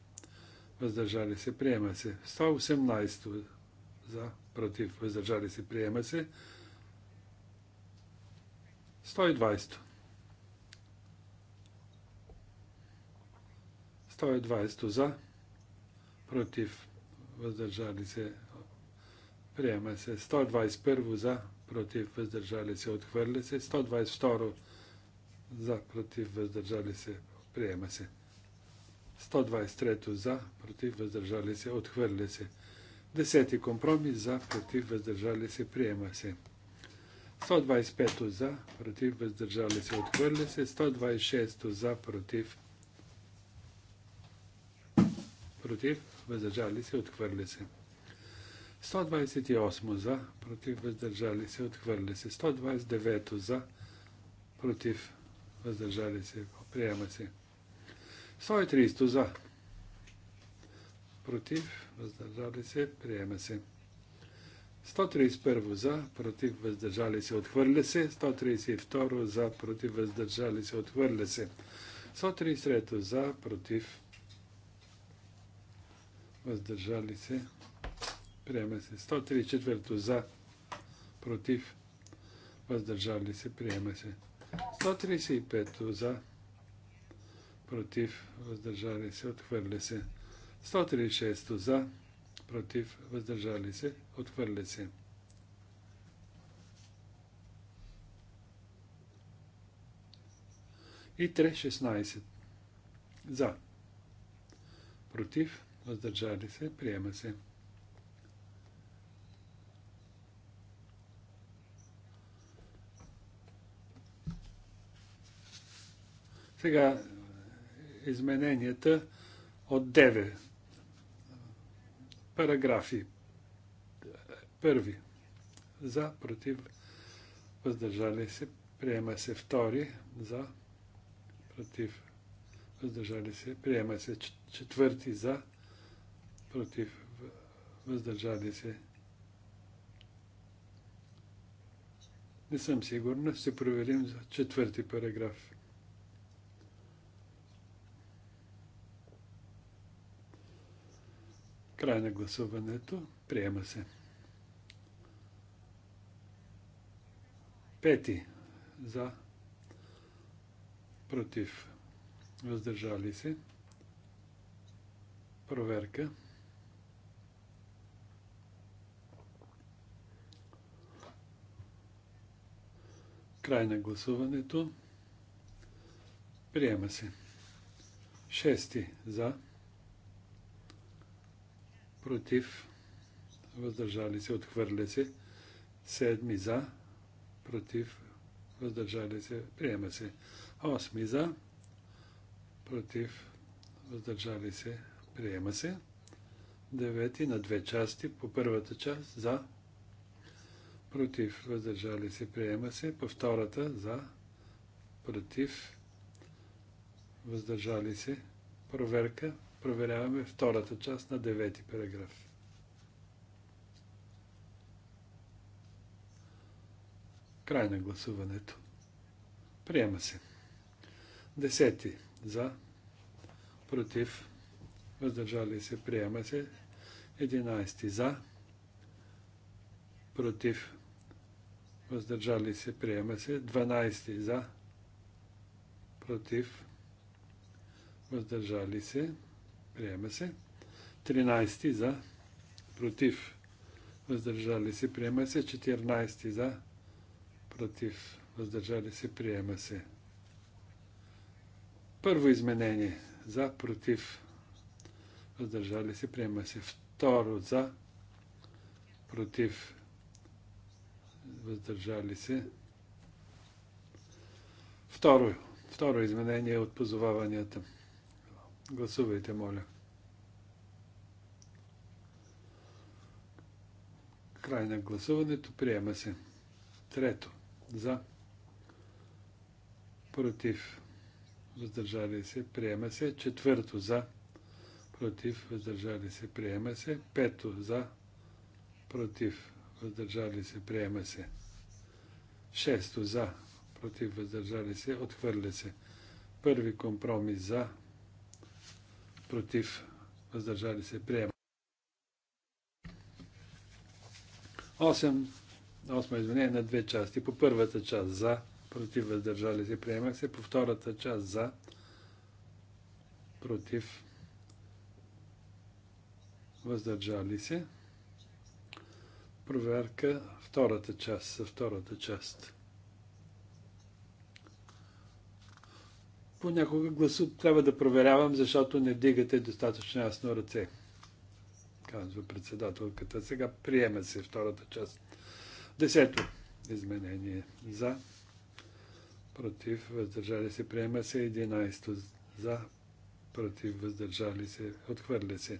въздържали се, приема се. 118 за, против, въздържали се, приема се. 120. 120 за, против, въздържали се, приема се. 121 за, против, въздържали се, отхвърля се. 122 за, против, въздържали се, приема се. 123 за, против, въздържали се, отхвърля се. Десети компромис за, против, въздържали се, приема се. 125 за, против, въздържали се, отхвърля се. 126 за, против, против, въздържали се, отхвърля се. 128 за, против, въздържали се, отхвърля се. 129 за, против, въздържали се, приема се. 130 за, против, въздържали се, приема се. 131 за, против, въздържали се, отхвърля се. 132 за, против, въздържали се, отхвърля се. 133 за, против, въздържали се, приема се. 134 за, против, въздържали се, приема се. 135 за, против, въздържали се, отхвърля се. 136 за, против, въздържали се, отхвърля се. И 3.16 за, против, въздържали се, приема се. Сега е, измененията от 9 параграфи. Първи. За, против, въздържали се, приема се втори, за, против, въздържали се, приема се четвърти, за, против, въздържали се. Не съм сигурна, ще проверим за четвърти параграф. Край на гласуването. Приема се. Пети. За. Против. Въздържали се. Проверка. Край на гласуването. Приема се. Шести за. Против. Въздържали се. Отхвърля се. Седми за. Против. Въздържали се. Приема се. Осми за. Против. Въздържали се. Приема се. Девети на две части. По първата част за против, въздържали се, приема се. По втората за, против, въздържали се. Проверка. Проверяваме втората част на девети параграф. Край на гласуването. Приема се. Десети за, против, въздържали се, приема се. Единайсти за, против, въздържали се, приема се. 12 за, против, въздържали се, приема се. 13 за, против, въздържали се, приема се. 14 за, против, въздържали се, приема се. Първо изменение за, против, въздържали се, приема се. Второ за, против, въздържали се. Второ, второ изменение от позоваванията. Гласувайте, моля. Край на гласуването. Приема се. Трето. За. Против. Въздържали се. Приема се. Четвърто. За. Против. Въздържали се. Приема се. Пето. За. Против въздържали се, приема се. Шесто за, против, въздържали се, отхвърля се. Първи компромис за, против, въздържали се, приема. 8. Осмо извинение на две части. По първата част за, против, въздържали се, приема се. По втората част за, против, въздържали се. Проверка втората част, втората част. Понякога гласът трябва да проверявам, защото не дигате достатъчно ясно ръце. Казва председателката. Сега приема се втората част. Десето изменение. За. Против. Въздържали се. Приема се. Единайсто. За. Против. Въздържали се. Отхвърля се.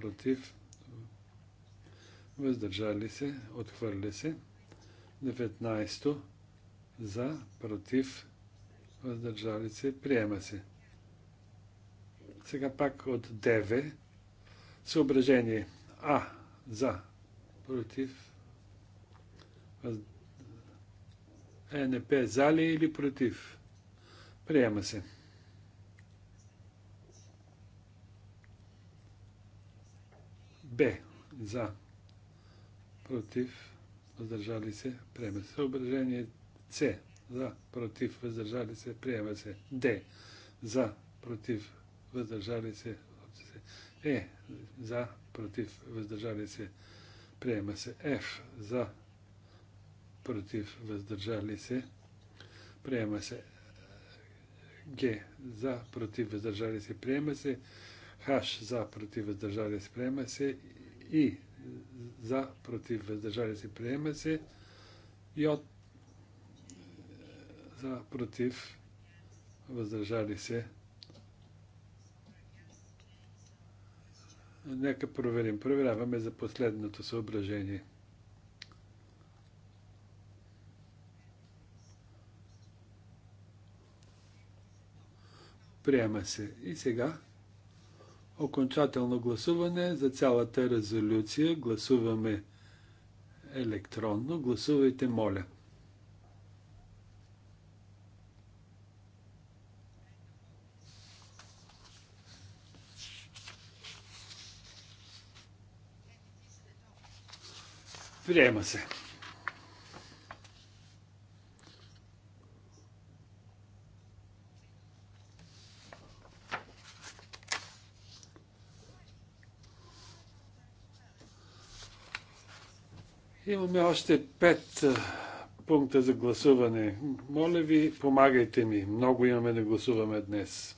против, въздържали се, отхвърля се. 19 за, против, въздържали се, приема се. Сега пак от 9. Съображение А за, против, въз... ЕНП за ли или против? Приема се. Б. За. Против. Въздържали се. Приема се. Съображение С. За. Против. Въздържали се. Приема се. Д. За. Против. Въздържали се. Е. За. Против. Въздържали се. Приема се. Ф. За. Против. Въздържали се. Приема се. Г. За. Против. Въздържали се. Приема се. Хаш за против въздържали се приема се и за против въздържали се приема се и от за против въздържали се. Нека проверим. Проверяваме за последното съображение. Приема се. И сега Окончателно гласуване за цялата резолюция. Гласуваме електронно. Гласувайте, моля. Приема се. Имаме още пет пункта за гласуване. Моля ви, помагайте ми. Много имаме да гласуваме днес.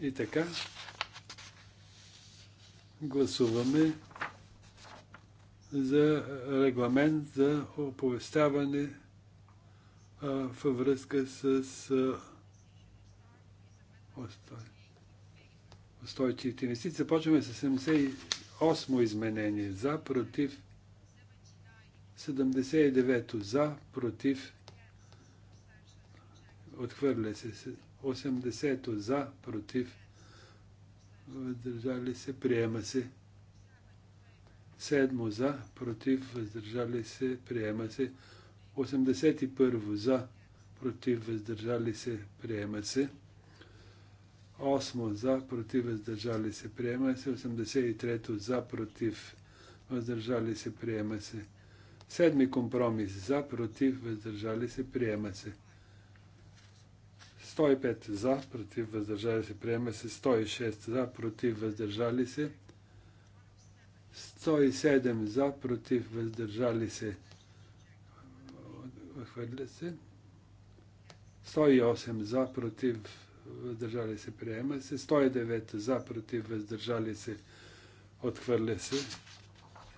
И така. Гласуваме за регламент за оповестяване а, във връзка с а, устой, устойчивите инвестиции. Започваме с 70 Осмо изменение за, против. 79-то за, против. Отхвърля се. 80-то за, против. Въздържали се, приема се. Седмо за, против, въздържали се, приема се. 81 за, против, въздържали се, приема се. 8 за, против, въздържали се, приема се. 83 за, против, въздържали се, приема се. Седми компромис за, против, въздържали се, приема се. 105 за, против, въздържали се, приема се. 106 за, против, въздържали се. 107 за, против, въздържали се. Хвърля се. 108 за, против, въздържали се, приема се. 109 за, против, въздържали се, отхвърля се.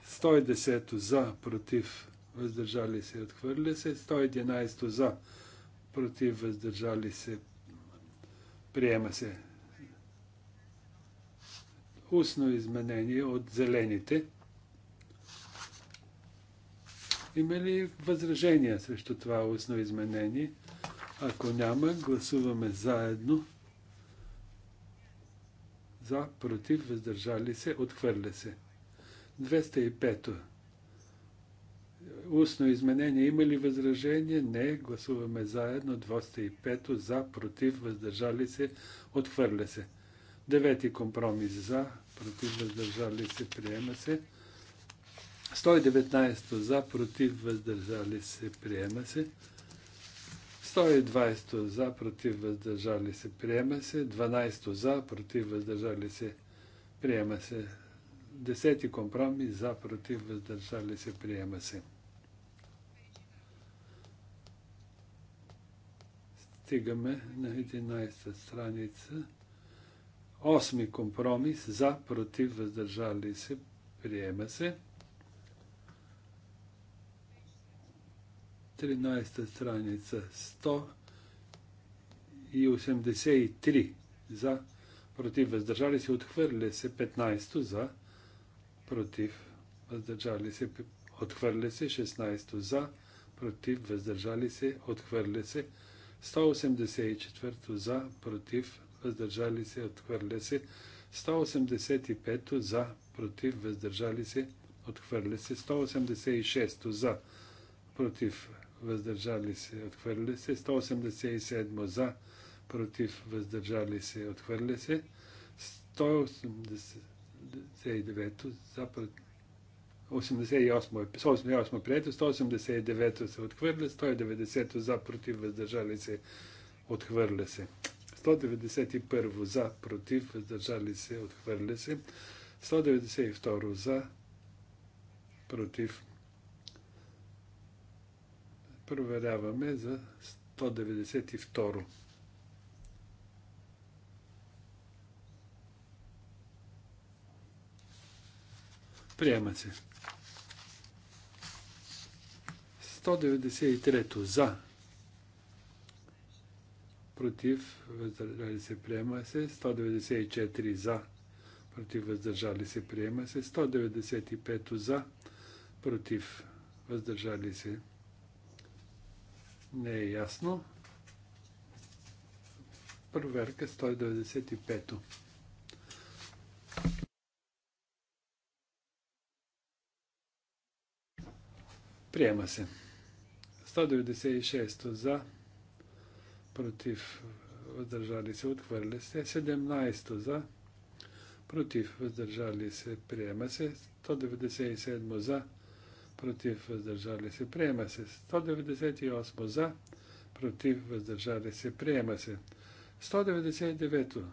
110 за, против, въздържали се, отхвърля се. 111 за, против, въздържали се, приема се. Устно изменение от зелените. Има ли възражения срещу това устно изменение? Ако няма, гласуваме заедно. За, против, въздържали се, отхвърля се. 205. Устно изменение. Има ли възражение? Не. Гласуваме заедно. 205. За, против, въздържали се, отхвърля се. Девети компромис. За, против, въздържали се, приема се. 119 за, против, въздържали се, приема се. 120 за, против, въздържали се, приема се. 12 за, против, въздържали се, приема се. Десети компромис за, против, въздържали се, приема се. Стигаме на 11 страница. 8 компромис за, против, въздържали се, приема се. 13-та страница 183 за, против, въздържали се, отхвърля се 15-то за, против, въздържали се, отхвърля се 16-то за, против, въздържали се, отхвърля се 184-то за, против, въздържали се, отхвърля се 185-то за, против, въздържали се, отхвърля се 186-то за, против, въздържали се, отхвърли се. 187 за, против, въздържали се, отхвърли се. 189 за, 88, 188 прието, 189 се отхвърля, 190 за, против, въздържали се, отхвърля се. 191 е- е за, против, въздържали се, отхвърля се. 192 за, против, проверяваме за 192. Приема се. 193 за. Против, въздържали се, приема се. 194 за. Против, въздържали се, приема се. 195 за. Против, въздържали се, не е ясно. Проверка 195 Приема се. 196 за, против, въздържали се, отхвърля се. 17 за, против, въздържали се, приема се. 197 за, против, въздържали се, приема се. 198 за, против, въздържали се, приема се. 199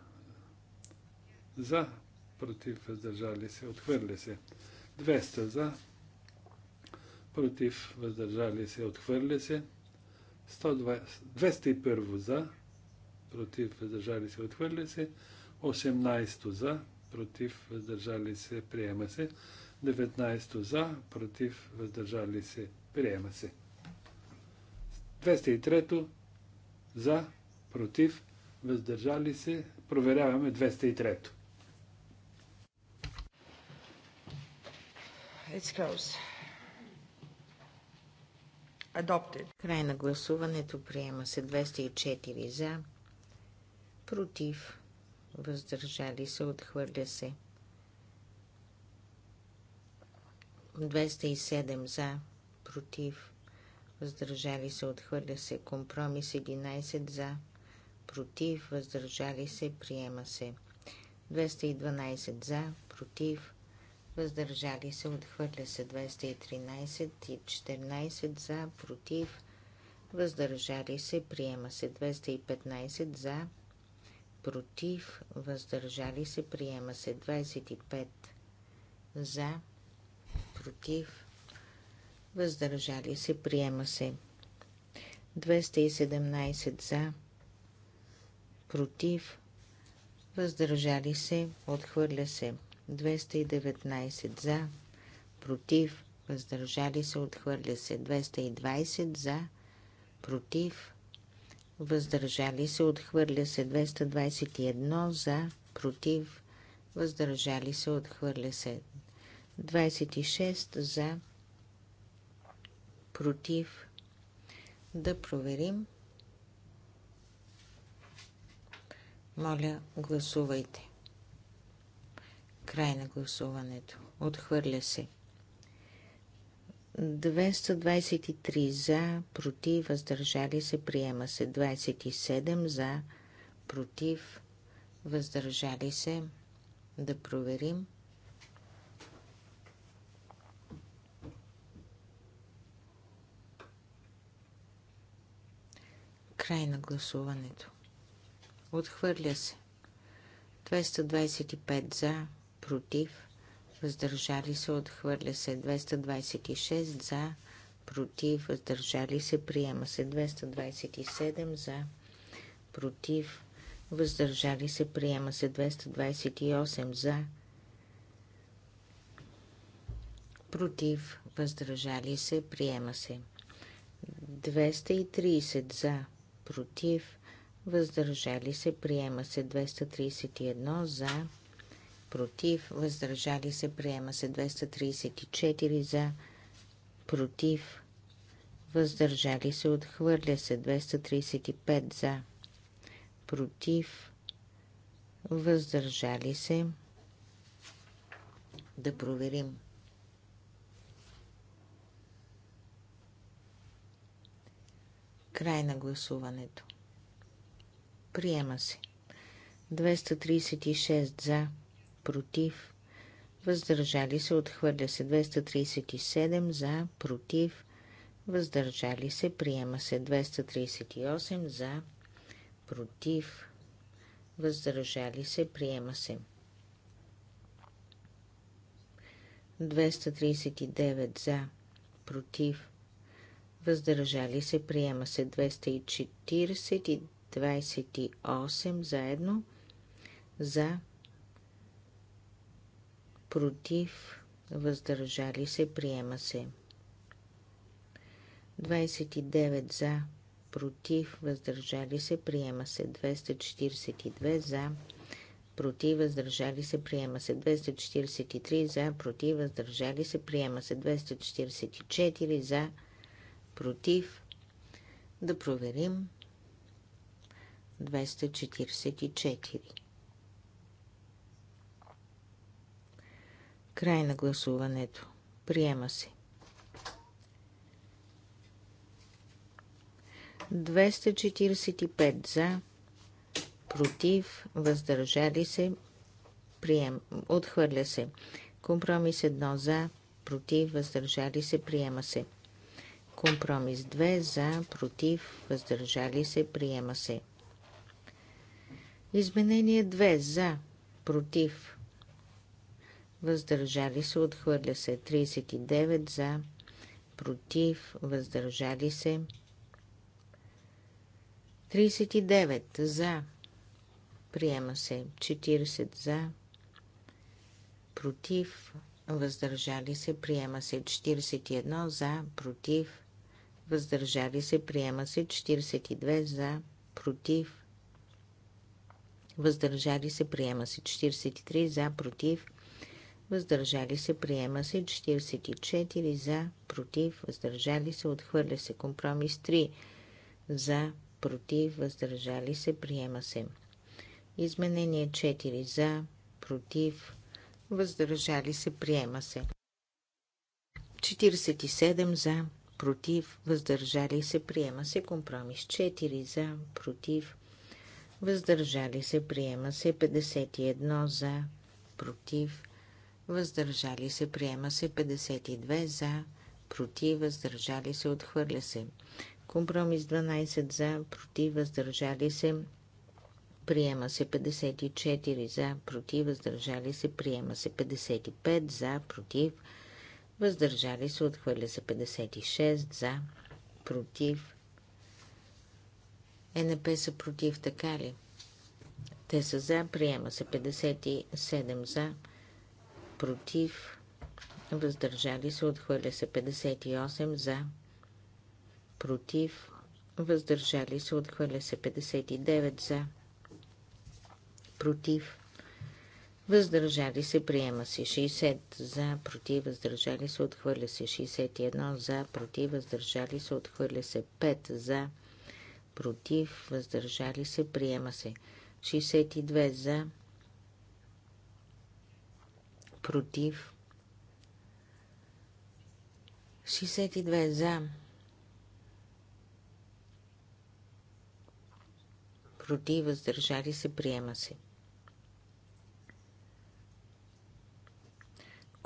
за, против, въздържали се, отхвърля се. 200 за, против, въздържали се, отхвърля се. 201 за, против, въздържали се, отхвърля се. 18 за, против, въздържали се, приема се. 19 за, против, въздържали се, приема се. 203 за, против, въздържали се, проверяваме 203 It's closed. Adopted. Край на гласуването приема се 204 за, против, въздържали се, отхвърля се. 207 за, против, въздържали се, отхвърля се. Компромис 11 за, против, въздържали се, приема се. 212 за, против, въздържали се, отхвърля се. 213 и 14 за, против, въздържали се, приема се. 215 за, против, въздържали се, приема се. 25 за, против, против, въздържали се, приема се. 217 за, против, въздържали се, отхвърля се. 219 за, против, въздържали се, отхвърля се. 220 за, против, въздържали се, отхвърля се. 221 за, против, въздържали се, отхвърля се. 26 за, против. Да проверим. Моля, гласувайте. Край на гласуването. Отхвърля се. 223 за, против, въздържали се, приема се. 27 за, против, въздържали се. Да проверим. 223. Край на гласуването. Отхвърля се. 225 за, против, въздържали се, отхвърля се. 226 за, против, въздържали се, приема се. 227 за, против, въздържали се, приема се. 228 за, против, въздържали се, приема се. 230 за, против, въздържали се, приема се 231 за, против, въздържали се, приема се 234 за, против, въздържали се, отхвърля се 235 за, против, въздържали се. Да проверим. Край на гласуването. Приема се. 236 за, против, въздържали се, отхвърля се 237 за, против, въздържали се, приема се 238 за, против, въздържали се, приема се. 239 за, против, въздържали се, приема се 240 и 28 заедно за против, въздържали се, приема се 29 за против, въздържали се, приема се 242 за против, въздържали се, приема се 243 за против, въздържали се, приема се 244 за против, против. Да проверим. 244. Край на гласуването. Приема се. 245 за, против, въздържали се, прием, отхвърля се. Компромис 1 за, против, въздържали се, приема се. 246 Компромис 2 за, против, въздържали се, приема се. Изменение 2 за, против, въздържали се, отхвърля се. 39 за, против, въздържали се. 39 за, приема се. 40 за, против, въздържали се, приема се. 41 за, против, въздържали се, приема се 42 за, против, въздържали се, приема се 43 за, против, въздържали се, приема се 44 за, против, въздържали се, отхвърля се компромис 3 за, против, въздържали се, приема се. Изменение 4 за, против, въздържали се, приема се. 47 за, против, въздържали се, приема се. Компромис 4 за, против, въздържали се, приема се. 51 за, против, въздържали се, приема се. 52 за, против, въздържали се, отхвърля се. Компромис 12 за, против, въздържали се, Приема се 54 за, против, въздържали се. Приема се 55 за, против, въздържали се, отхвърля се 56 за, против. Е, НП са против, така ли? Те са за, приема се 57 за, против, въздържали се, отхвърля се 58 за, против, въздържали се, отхвърля се 59 за, против, въздържали се, приема се 60 за, против, въздържали се, отхвърля се 61 за, против, въздържали се, отхвърля се 5 за, против, въздържали се, приема се 62 за, против, 62 за, против, въздържали се, приема се 63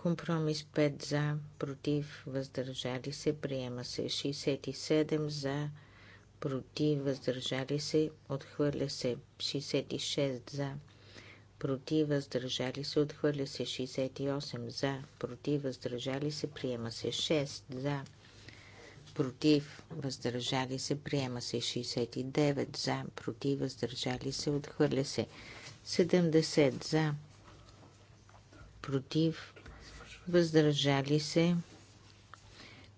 Компромис 5 за, против, въздържали се, приема се. 67 за, против, въздържали се, отхвърля се. 66 за, против, въздържали се, отхвърля се. 68 за, против, въздържали се, приема се. 6 за, против, въздържали се, приема се. 69 за, против, въздържали се, отхвърля се. 70 за, против, въздържали се,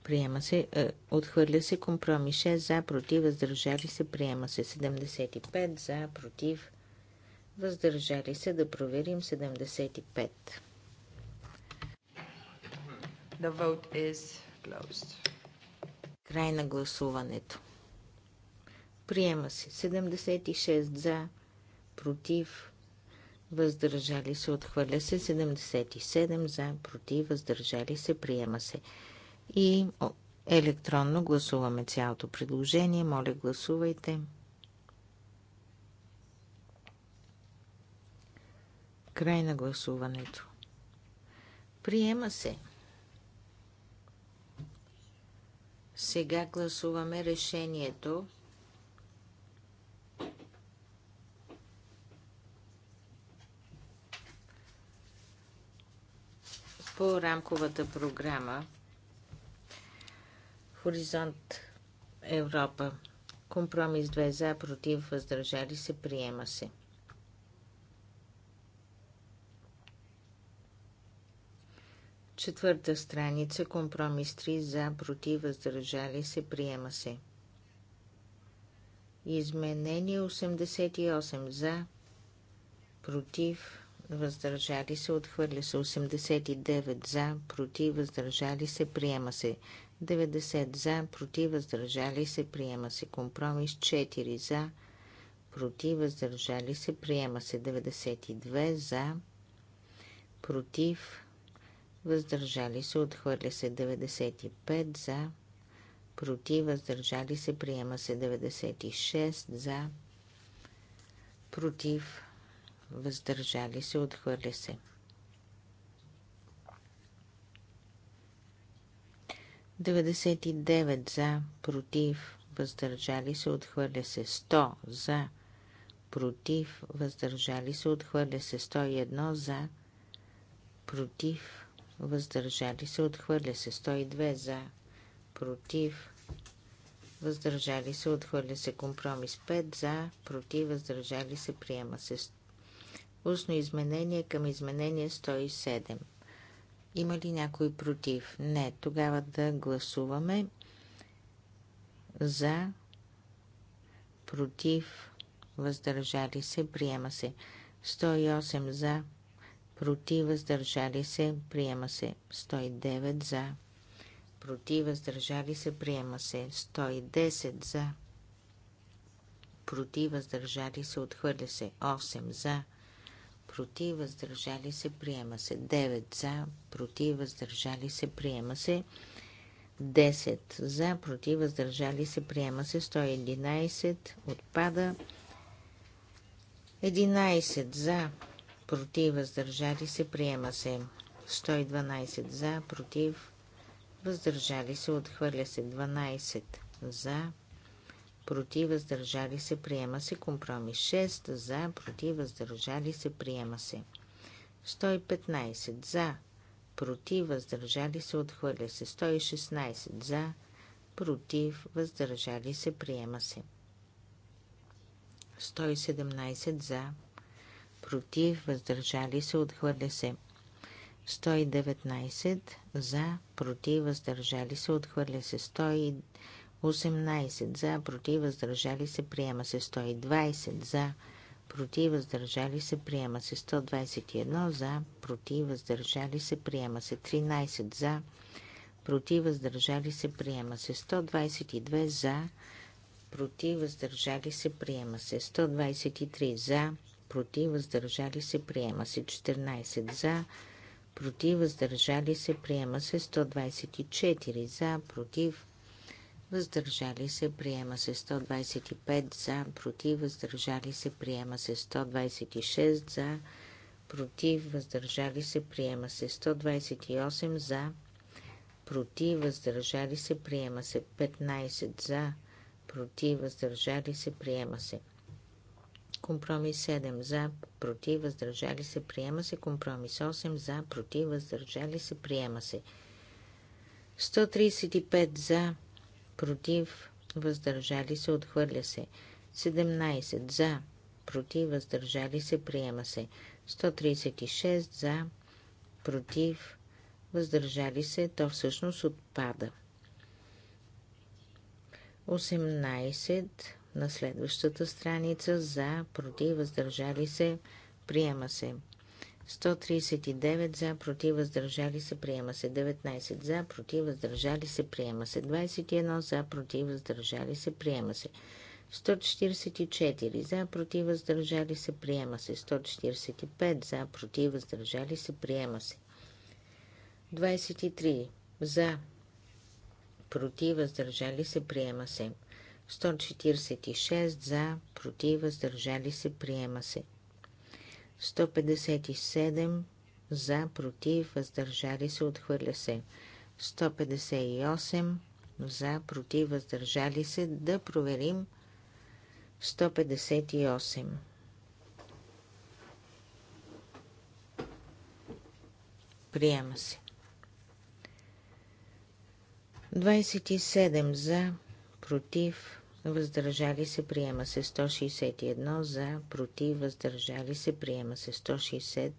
приема се, е, отхвърля се компромис 6 за, против, въздържали се, приема се 75 за, против, въздържали се, да проверим 75. The vote is closed. Край на гласуването. Приема се 76 за, против, въздържали се, отхвърля се 77 за, против, въздържали се, приема се. И електронно гласуваме цялото предложение. Моля, гласувайте. Край на гласуването. Приема се. Сега гласуваме решението по рамковата програма Хоризонт Европа. Компромис 2 за, против, въздържали се, приема се. Четвърта страница. Компромис 3 за, против, въздържали се, приема се. Изменение 88 за, против, въздържали се, отхвърля се 89 за, против, въздържали се, приема се 90 за, против, въздържали се, приема се компромис 4 за, против, въздържали се, приема се 92 за, против, въздържали се, отхвърля се 95 за, против, въздържали се, приема се 96 за, против, въздържали се, отхвърля се. 99 за, против, въздържали се, отхвърля се. 100 за, против, въздържали се, отхвърля се. 101 за, против, въздържали се, отхвърля се. 102 за, против, въздържали се, отхвърля се. Компромис 5 за, против, въздържали се, приема се. Устно изменение към изменение 107. Има ли някой против? Не. Тогава да гласуваме за, против, въздържали се, приема се. 108 за, против, въздържали се, приема се. 109 за, против, въздържали се, приема се. 110 за, против, въздържали се, отхвърля се. 8 за, против, против, въздържали се, приема се. 9 за, против, въздържали се, приема се. 10 за, против, въздържали се, приема се. 111 отпада. 11 за, против, въздържали се, приема се. 112 за, против, въздържали се, отхвърля се. 12 за, против, въздържали се, приема се. Компромис 6 за, против, въздържали се, приема се. 115 за, против, въздържали се, отхвърля се. 116 за, против, въздържали се, приема се. 117 за, против, въздържали се, отхвърля се. 119 за, против, въздържали се, отхвърля се. 120 18 за, против, въздържали се, приема се 120 за, против, въздържали се, приема се 121 за, против, въздържали се, приема се 13 за, против, въздържали се, приема се 122 за, против, въздържали се, приема се 123 за, против, въздържали се, приема се 14 за, против, въздържали се, приема се 124 за, против, въздържали се, приема се 125 за, против, въздържали се, приема се 126 за, против, въздържали се, приема се 128 за, против, въздържали се, приема се 15 за, против, въздържали се, приема се. Компромис 7 за, против, въздържали се, приема се. Компромис 8 за, против, въздържали се, приема се. 135 за, против, въздържали се, отхвърля се. 17 за, против, въздържали се, приема се. 136 за, против, въздържали се, то всъщност отпада. 18 на следващата страница за, против, въздържали се, приема се. 139 за, против, въздържали се, приема се. 19 за, против, въздържали се, приема се. 21 за, против, въздържали се, приема се. 144 за, против, въздържали се, приема се. 145 за, против, въздържали се, приема се. 23 за, против, въздържали се, приема се. 146 за, против, въздържали се, приема се. 157 за, против, въздържали се, отхвърля се. 158 за, против, въздържали се, да проверим 158. Приема се. 27 за, против, въздържали се, приема се 161 за, против, въздържали се, приема се 163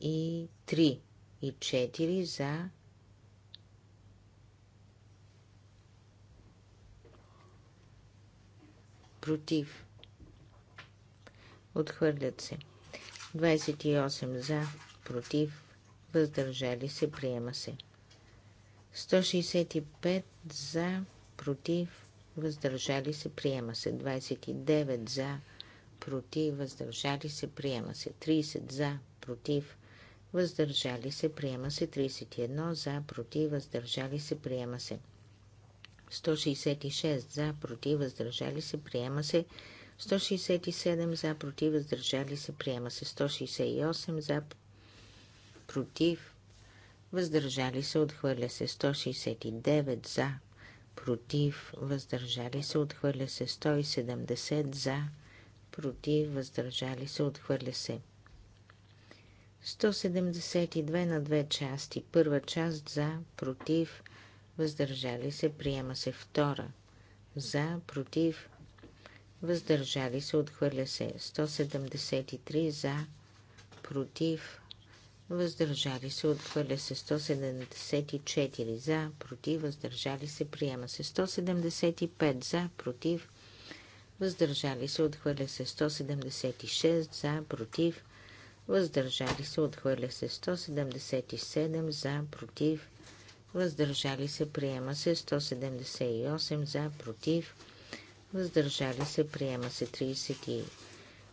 и 4 за, против, отхвърлят се 28 за, против, въздържали се, приема се 165 за, против, въздържали се, приема се. 29 за, против, въздържали се, приема се. 30 за, против, въздържали се, приема се. 31 за, против, въздържали се, приема се. 166 за, против, въздържали се, приема се. 167 за, против, въздържали се, приема се. 168 за, против, въздържали се, отхвърля се. 169 за, против, въздържали се, отхвърля се 170 за, против, въздържали се, отхвърля се 172 на две части. Първа част за, против, въздържали се, приема се втора. За, против, въздържали се, отхвърля се 173 за, против, въздържали се, отхвърля се 174 за, против, въздържали се, приема се 175 за, против, въздържали се, отхвърля се 176 за, против, въздържали се, отхвърля се 177 за, против, въздържали се, приема се 178 за, против, въздържали се, приема се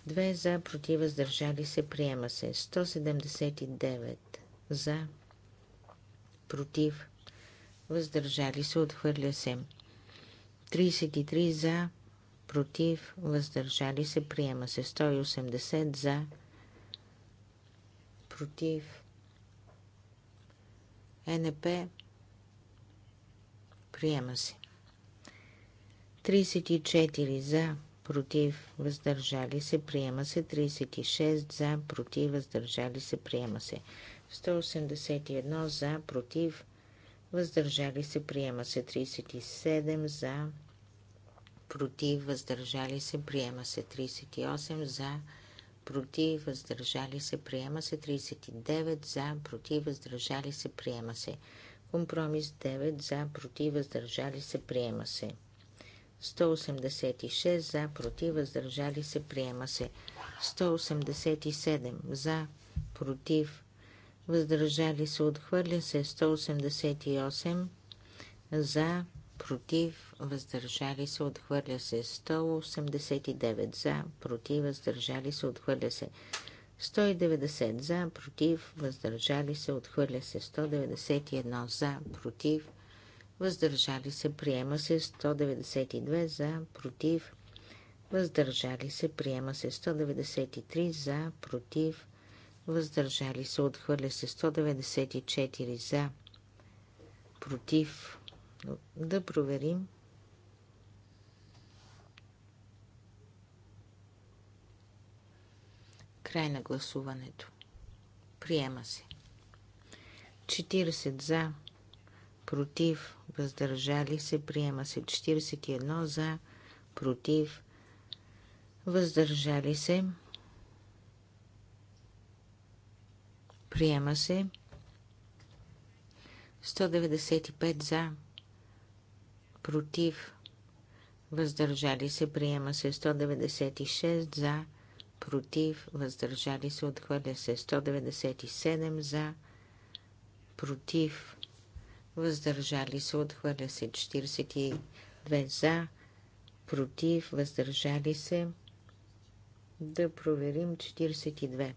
2 за, против, въздържали се, приема се. 179 за, против, въздържали се, отхвърля се. 33 за, против, въздържали се, приема се. 180 за, против, НП, приема се. 34 за, против, въздържали се, приема се. 36 за, против, въздържали се, приема се. 181 за, против, въздържали се, приема се. 37 за, против, въздържали се, приема се. 38 за, против, въздържали се, приема се. 39 за, против, въздържали се, приема се. Компромис 9 за, против, въздържали се, приема се. 186 за, против, въздържали се, приема се. 187 за, против, въздържали се, отхвърля се. 188 за, против, въздържали се, отхвърля се. 189 за, против, въздържали се, отхвърля се. 190 за, против, въздържали се, отхвърля се. 191 за, против, въздържали се, приема се 192 за, против, въздържали се, приема се 193 за, против, въздържали се, отхвърля се 194 за, против. Да проверим. Край на гласуването. Приема се. 40 за, против, въздържали се, приема се 41 за, против, въздържали се, приема се 195 за, против, въздържали се, приема се 196 за, против, въздържали се, отхвърля се 197 за, против, въздържали се, отхвърля се 42 за, против, въздържали се. Да проверим 42.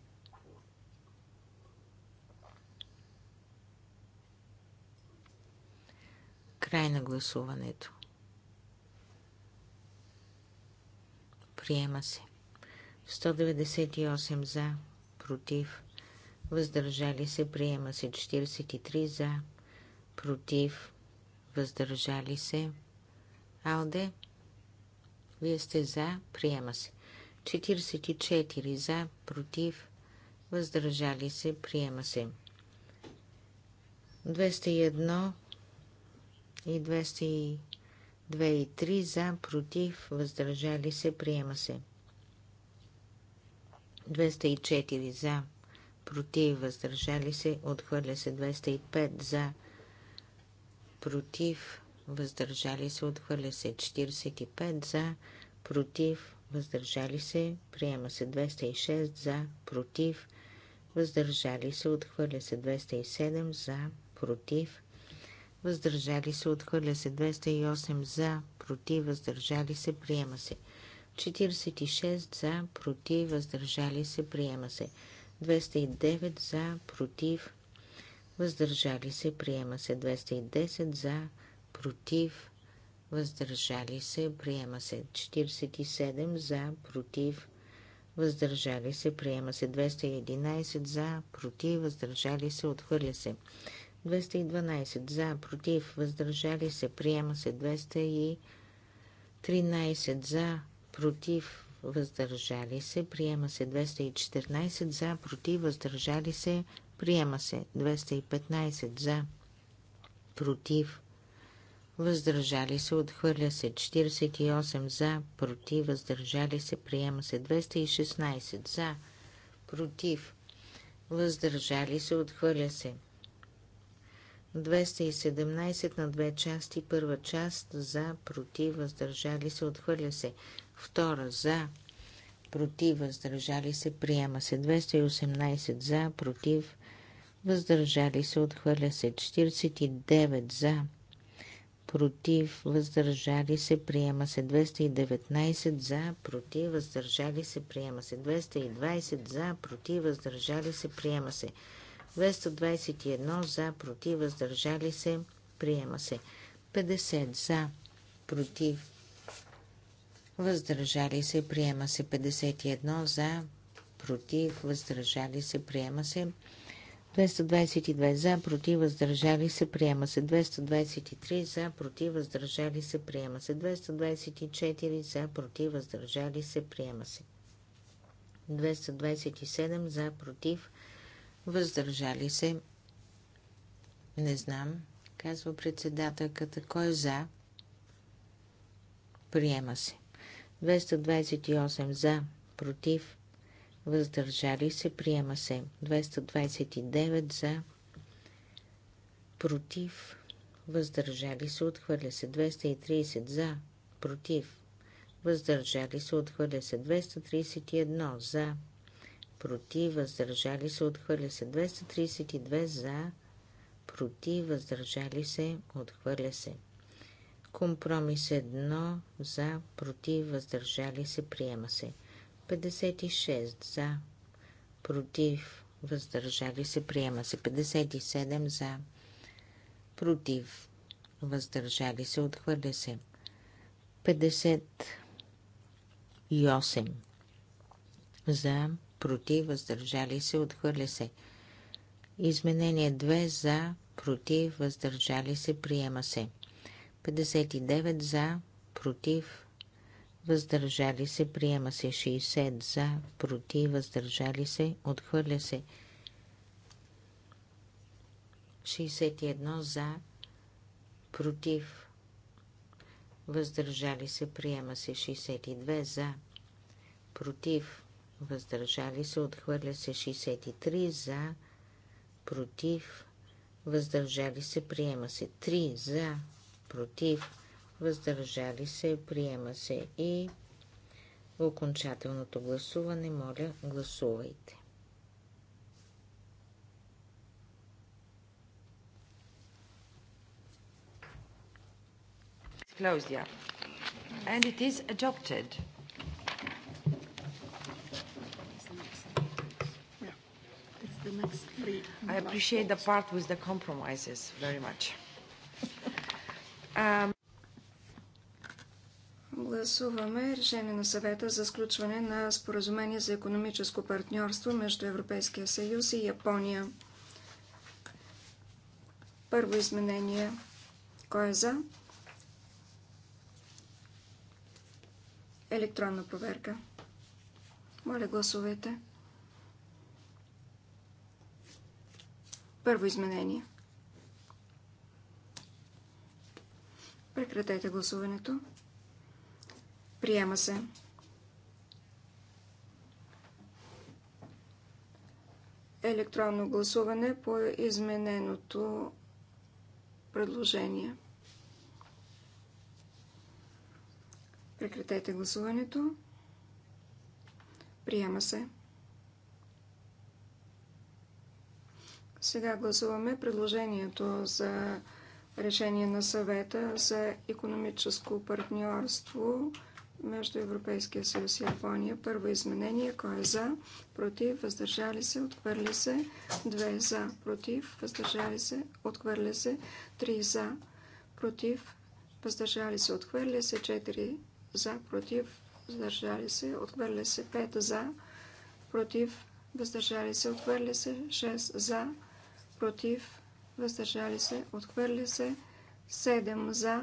Край на гласуването. Приема се. 198 за, против, въздържали се, приема се 43 за, против, въздържали се. Алде, вие сте за, приема се. 44 за, против, въздържали се, приема се. 201 и 202 и 3 за, против, въздържали се, приема се. 204 за, против, въздържали се, отхвърля се 205 за, против, против, въздържали се, отхвърля се 45 за, против, въздържали се, приема се 206 за, против, въздържали се, отхвърля се 207 за, против, въздържали се, отхвърля се 208 за, против, въздържали се, приема се 46 за, против, въздържали се, приема се 209 за, против, въздържали се, приема се 210 за, против, въздържали се, приема се 47 за, против, въздържали се, приема се 211 за, против, въздържали се, отхвърля се 212 за, против, въздържали се, приема се 213 за, против, въздържали се, приема се 214 за, против, въздържали се, Приема се 215 за, против, въздържали се, отхвърля се 48 за, против, въздържали се, приема се 216 за, против, въздържали се, отхвърля се 217 на две части, първа част за, против, въздържали се, отхвърля се, втора за, против, въздържали се, приема се 218 за, против, въздържали се, отхвърля се 49 за, против, въздържали се, приема се 219 за, против, въздържали се, приема се 220 за, против, въздържали се, приема се 221 за, против, въздържали се, приема се 50 за, против, въздържали се, приема се 51 за, против, въздържали се, приема се 222 за, против, въздържали се, приема се. 223 за, против, въздържали се, приема се. 224 за, против, въздържали се, приема се. 227 за, против, въздържали се. Не знам, казва председателката. Кой е за? Приема се. 228 за, против, въздържали се, приема се. 229 за, против, въздържали се, отхвърля се. 230 за, против, въздържали се, отхвърля се. 231 за, против, въздържали се, отхвърля се. 232 за, против, въздържали се, отхвърля се. Компромис 1 за, против, въздържали се, приема се. 56 за, против, въздържали се, приема се 57 за, против, въздържали се, отхвърля се 58 за, против, въздържали се, отхвърля се. Изменение 2 за, против, въздържали се, приема се. 59 за, против, въздържали се, приема се 60 за, против, въздържали се, отхвърля се 61 за, против, въздържали се, приема се 62 за, против, въздържали се, отхвърля се 63 за, против, въздържали се, приема се 3 за, против, въздържали се, приема се и окончателното гласуване, моля, гласувайте. Claudia. And it is adopted. I appreciate the part with the compromises very much. Um, гласуваме решение на съвета за сключване на споразумение за економическо партньорство между Европейския съюз и Япония. Първо изменение. Кой е за? Електронна проверка. Моля, гласувайте. Първо изменение. Прекратете гласуването. Приема се. Електронно гласуване по измененото предложение. Прекратете гласуването. Приема се. Сега гласуваме предложението за решение на съвета за економическо партньорство между Европейския съюз и Япония. Първо изменение. Кой е за? Против? Въздържали се? Отхвърля се. Две е за. Против? Въздържали се? Отхвърля се. Три за. Против? Въздържали се? Отхвърля се. Четири за. Против? Въздържали се? Отхвърля се. Пет за. Против? Въздържали се? Отхвърля се. Шест за. Против? Въздържали се? Отхвърля се. Седем за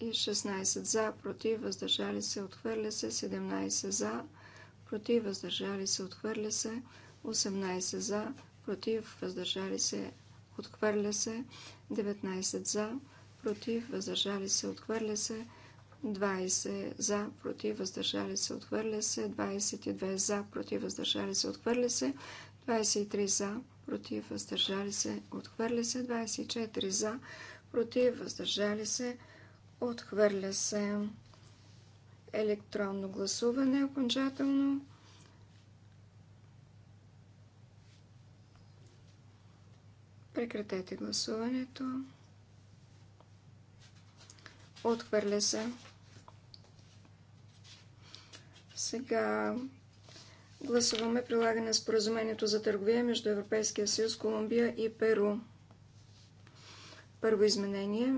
и 16 за, против, въздържали се, отхвърля се, 17 за, против, въздържали се, отхвърля се, 18 за, против, въздържали се, отхвърля се, 19 за, против, въздържали се, отхвърля се, 20 за, против, въздържали се, отхвърля се, 22 за, против, въздържали се, отхвърля се, 23 за, против, въздържали се, отхвърля се, 24 за, против, въздържали се, отхвърля се, Отхвърля се електронно гласуване окончателно. Прекратете гласуването. Отхвърля се. Сега гласуваме прилагане на споразумението за търговия между Европейския съюз, Колумбия и Перу. Първо изменение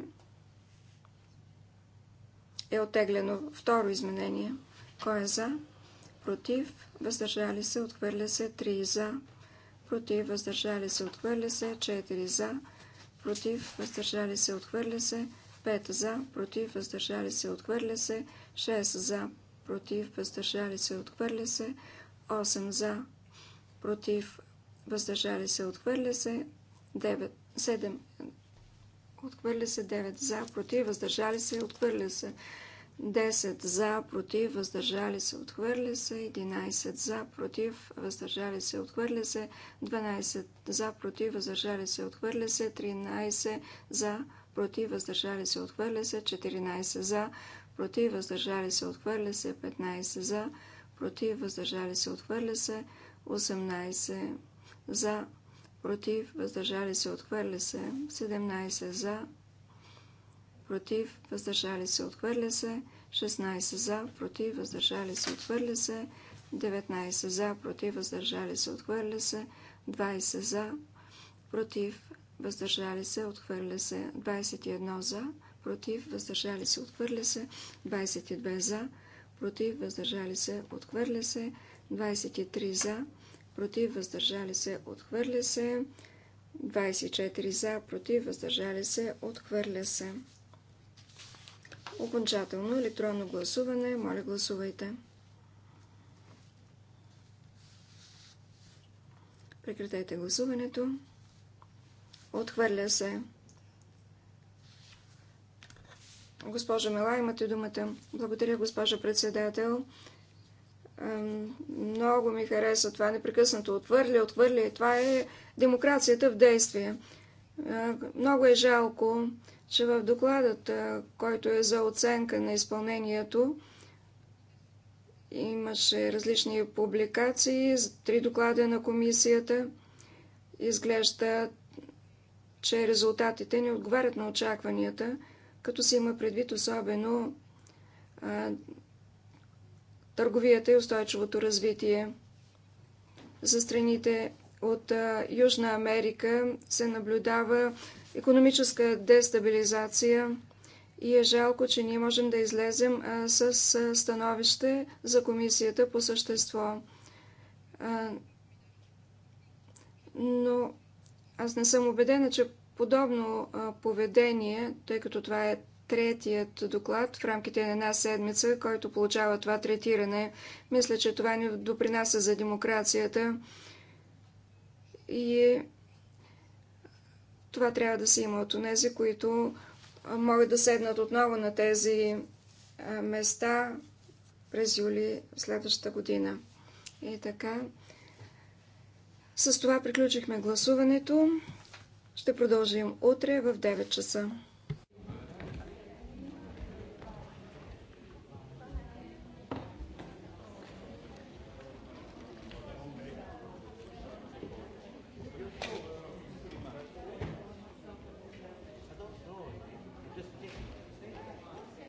е оттеглено. Второ изменение. Кой е за? Против. Въздържали се. Отхвърля се. 3 за. Против. Въздържали се. Отхвърля се. 4 за. Против. Въздържали се. Отхвърля се. 5 за. Против. Въздържали се. Отхвърля се. 6 за. Против. Въздържали се. Отхвърля се. 8 за. Против. Въздържали се. Отхвърля се. Девет. 7 Отхвърля се 9 за, против, въздържали се, отхвърля се 10 за, против, въздържали се, отхвърля се 11 за, против, въздържали се, отхвърля се 12 за, против, въздържали се, отхвърля се 13 за, против, въздържали се, отхвърля се 14 за, против, въздържали се, отхвърля се 15 за, против, въздържали се, отхвърля се 18 за, против, въздържали се, отхвърля се. 17 за, против, въздържали се, отхвърля се. 16 за, против, въздържали се, отхвърля се. 19 за, против, въздържали се, отхвърля се. 20 за, против, въздържали се, отхвърля се. 21 за, против, въздържали се, отхвърля се. 22 за, против, въздържали се, отхвърля се. 23 за, против, въздържали се, отхвърля се. 24 за, против, въздържали се, отхвърля се. Окончателно електронно гласуване. Моля, гласувайте. Прекратете гласуването. Отхвърля се. Госпожа Мела, имате думата. Благодаря, госпожа председател. Много ми хареса това непрекъснато отвърля, отвърля. Това е демокрацията в действие. Много е жалко, че в докладът, който е за оценка на изпълнението, имаше различни публикации, три доклада на комисията. Изглежда, че резултатите не отговарят на очакванията, като се има предвид особено търговията и устойчивото развитие. За страните от Южна Америка се наблюдава економическа дестабилизация и е жалко, че ние можем да излезем с становище за комисията по същество. Но аз не съм убедена, че подобно поведение, тъй като това е третият доклад в рамките на една седмица, който получава това третиране. Мисля, че това ни допринася за демокрацията и това трябва да се има от тези, които могат да седнат отново на тези места през юли следващата година. И така. С това приключихме гласуването. Ще продължим утре в 9 часа.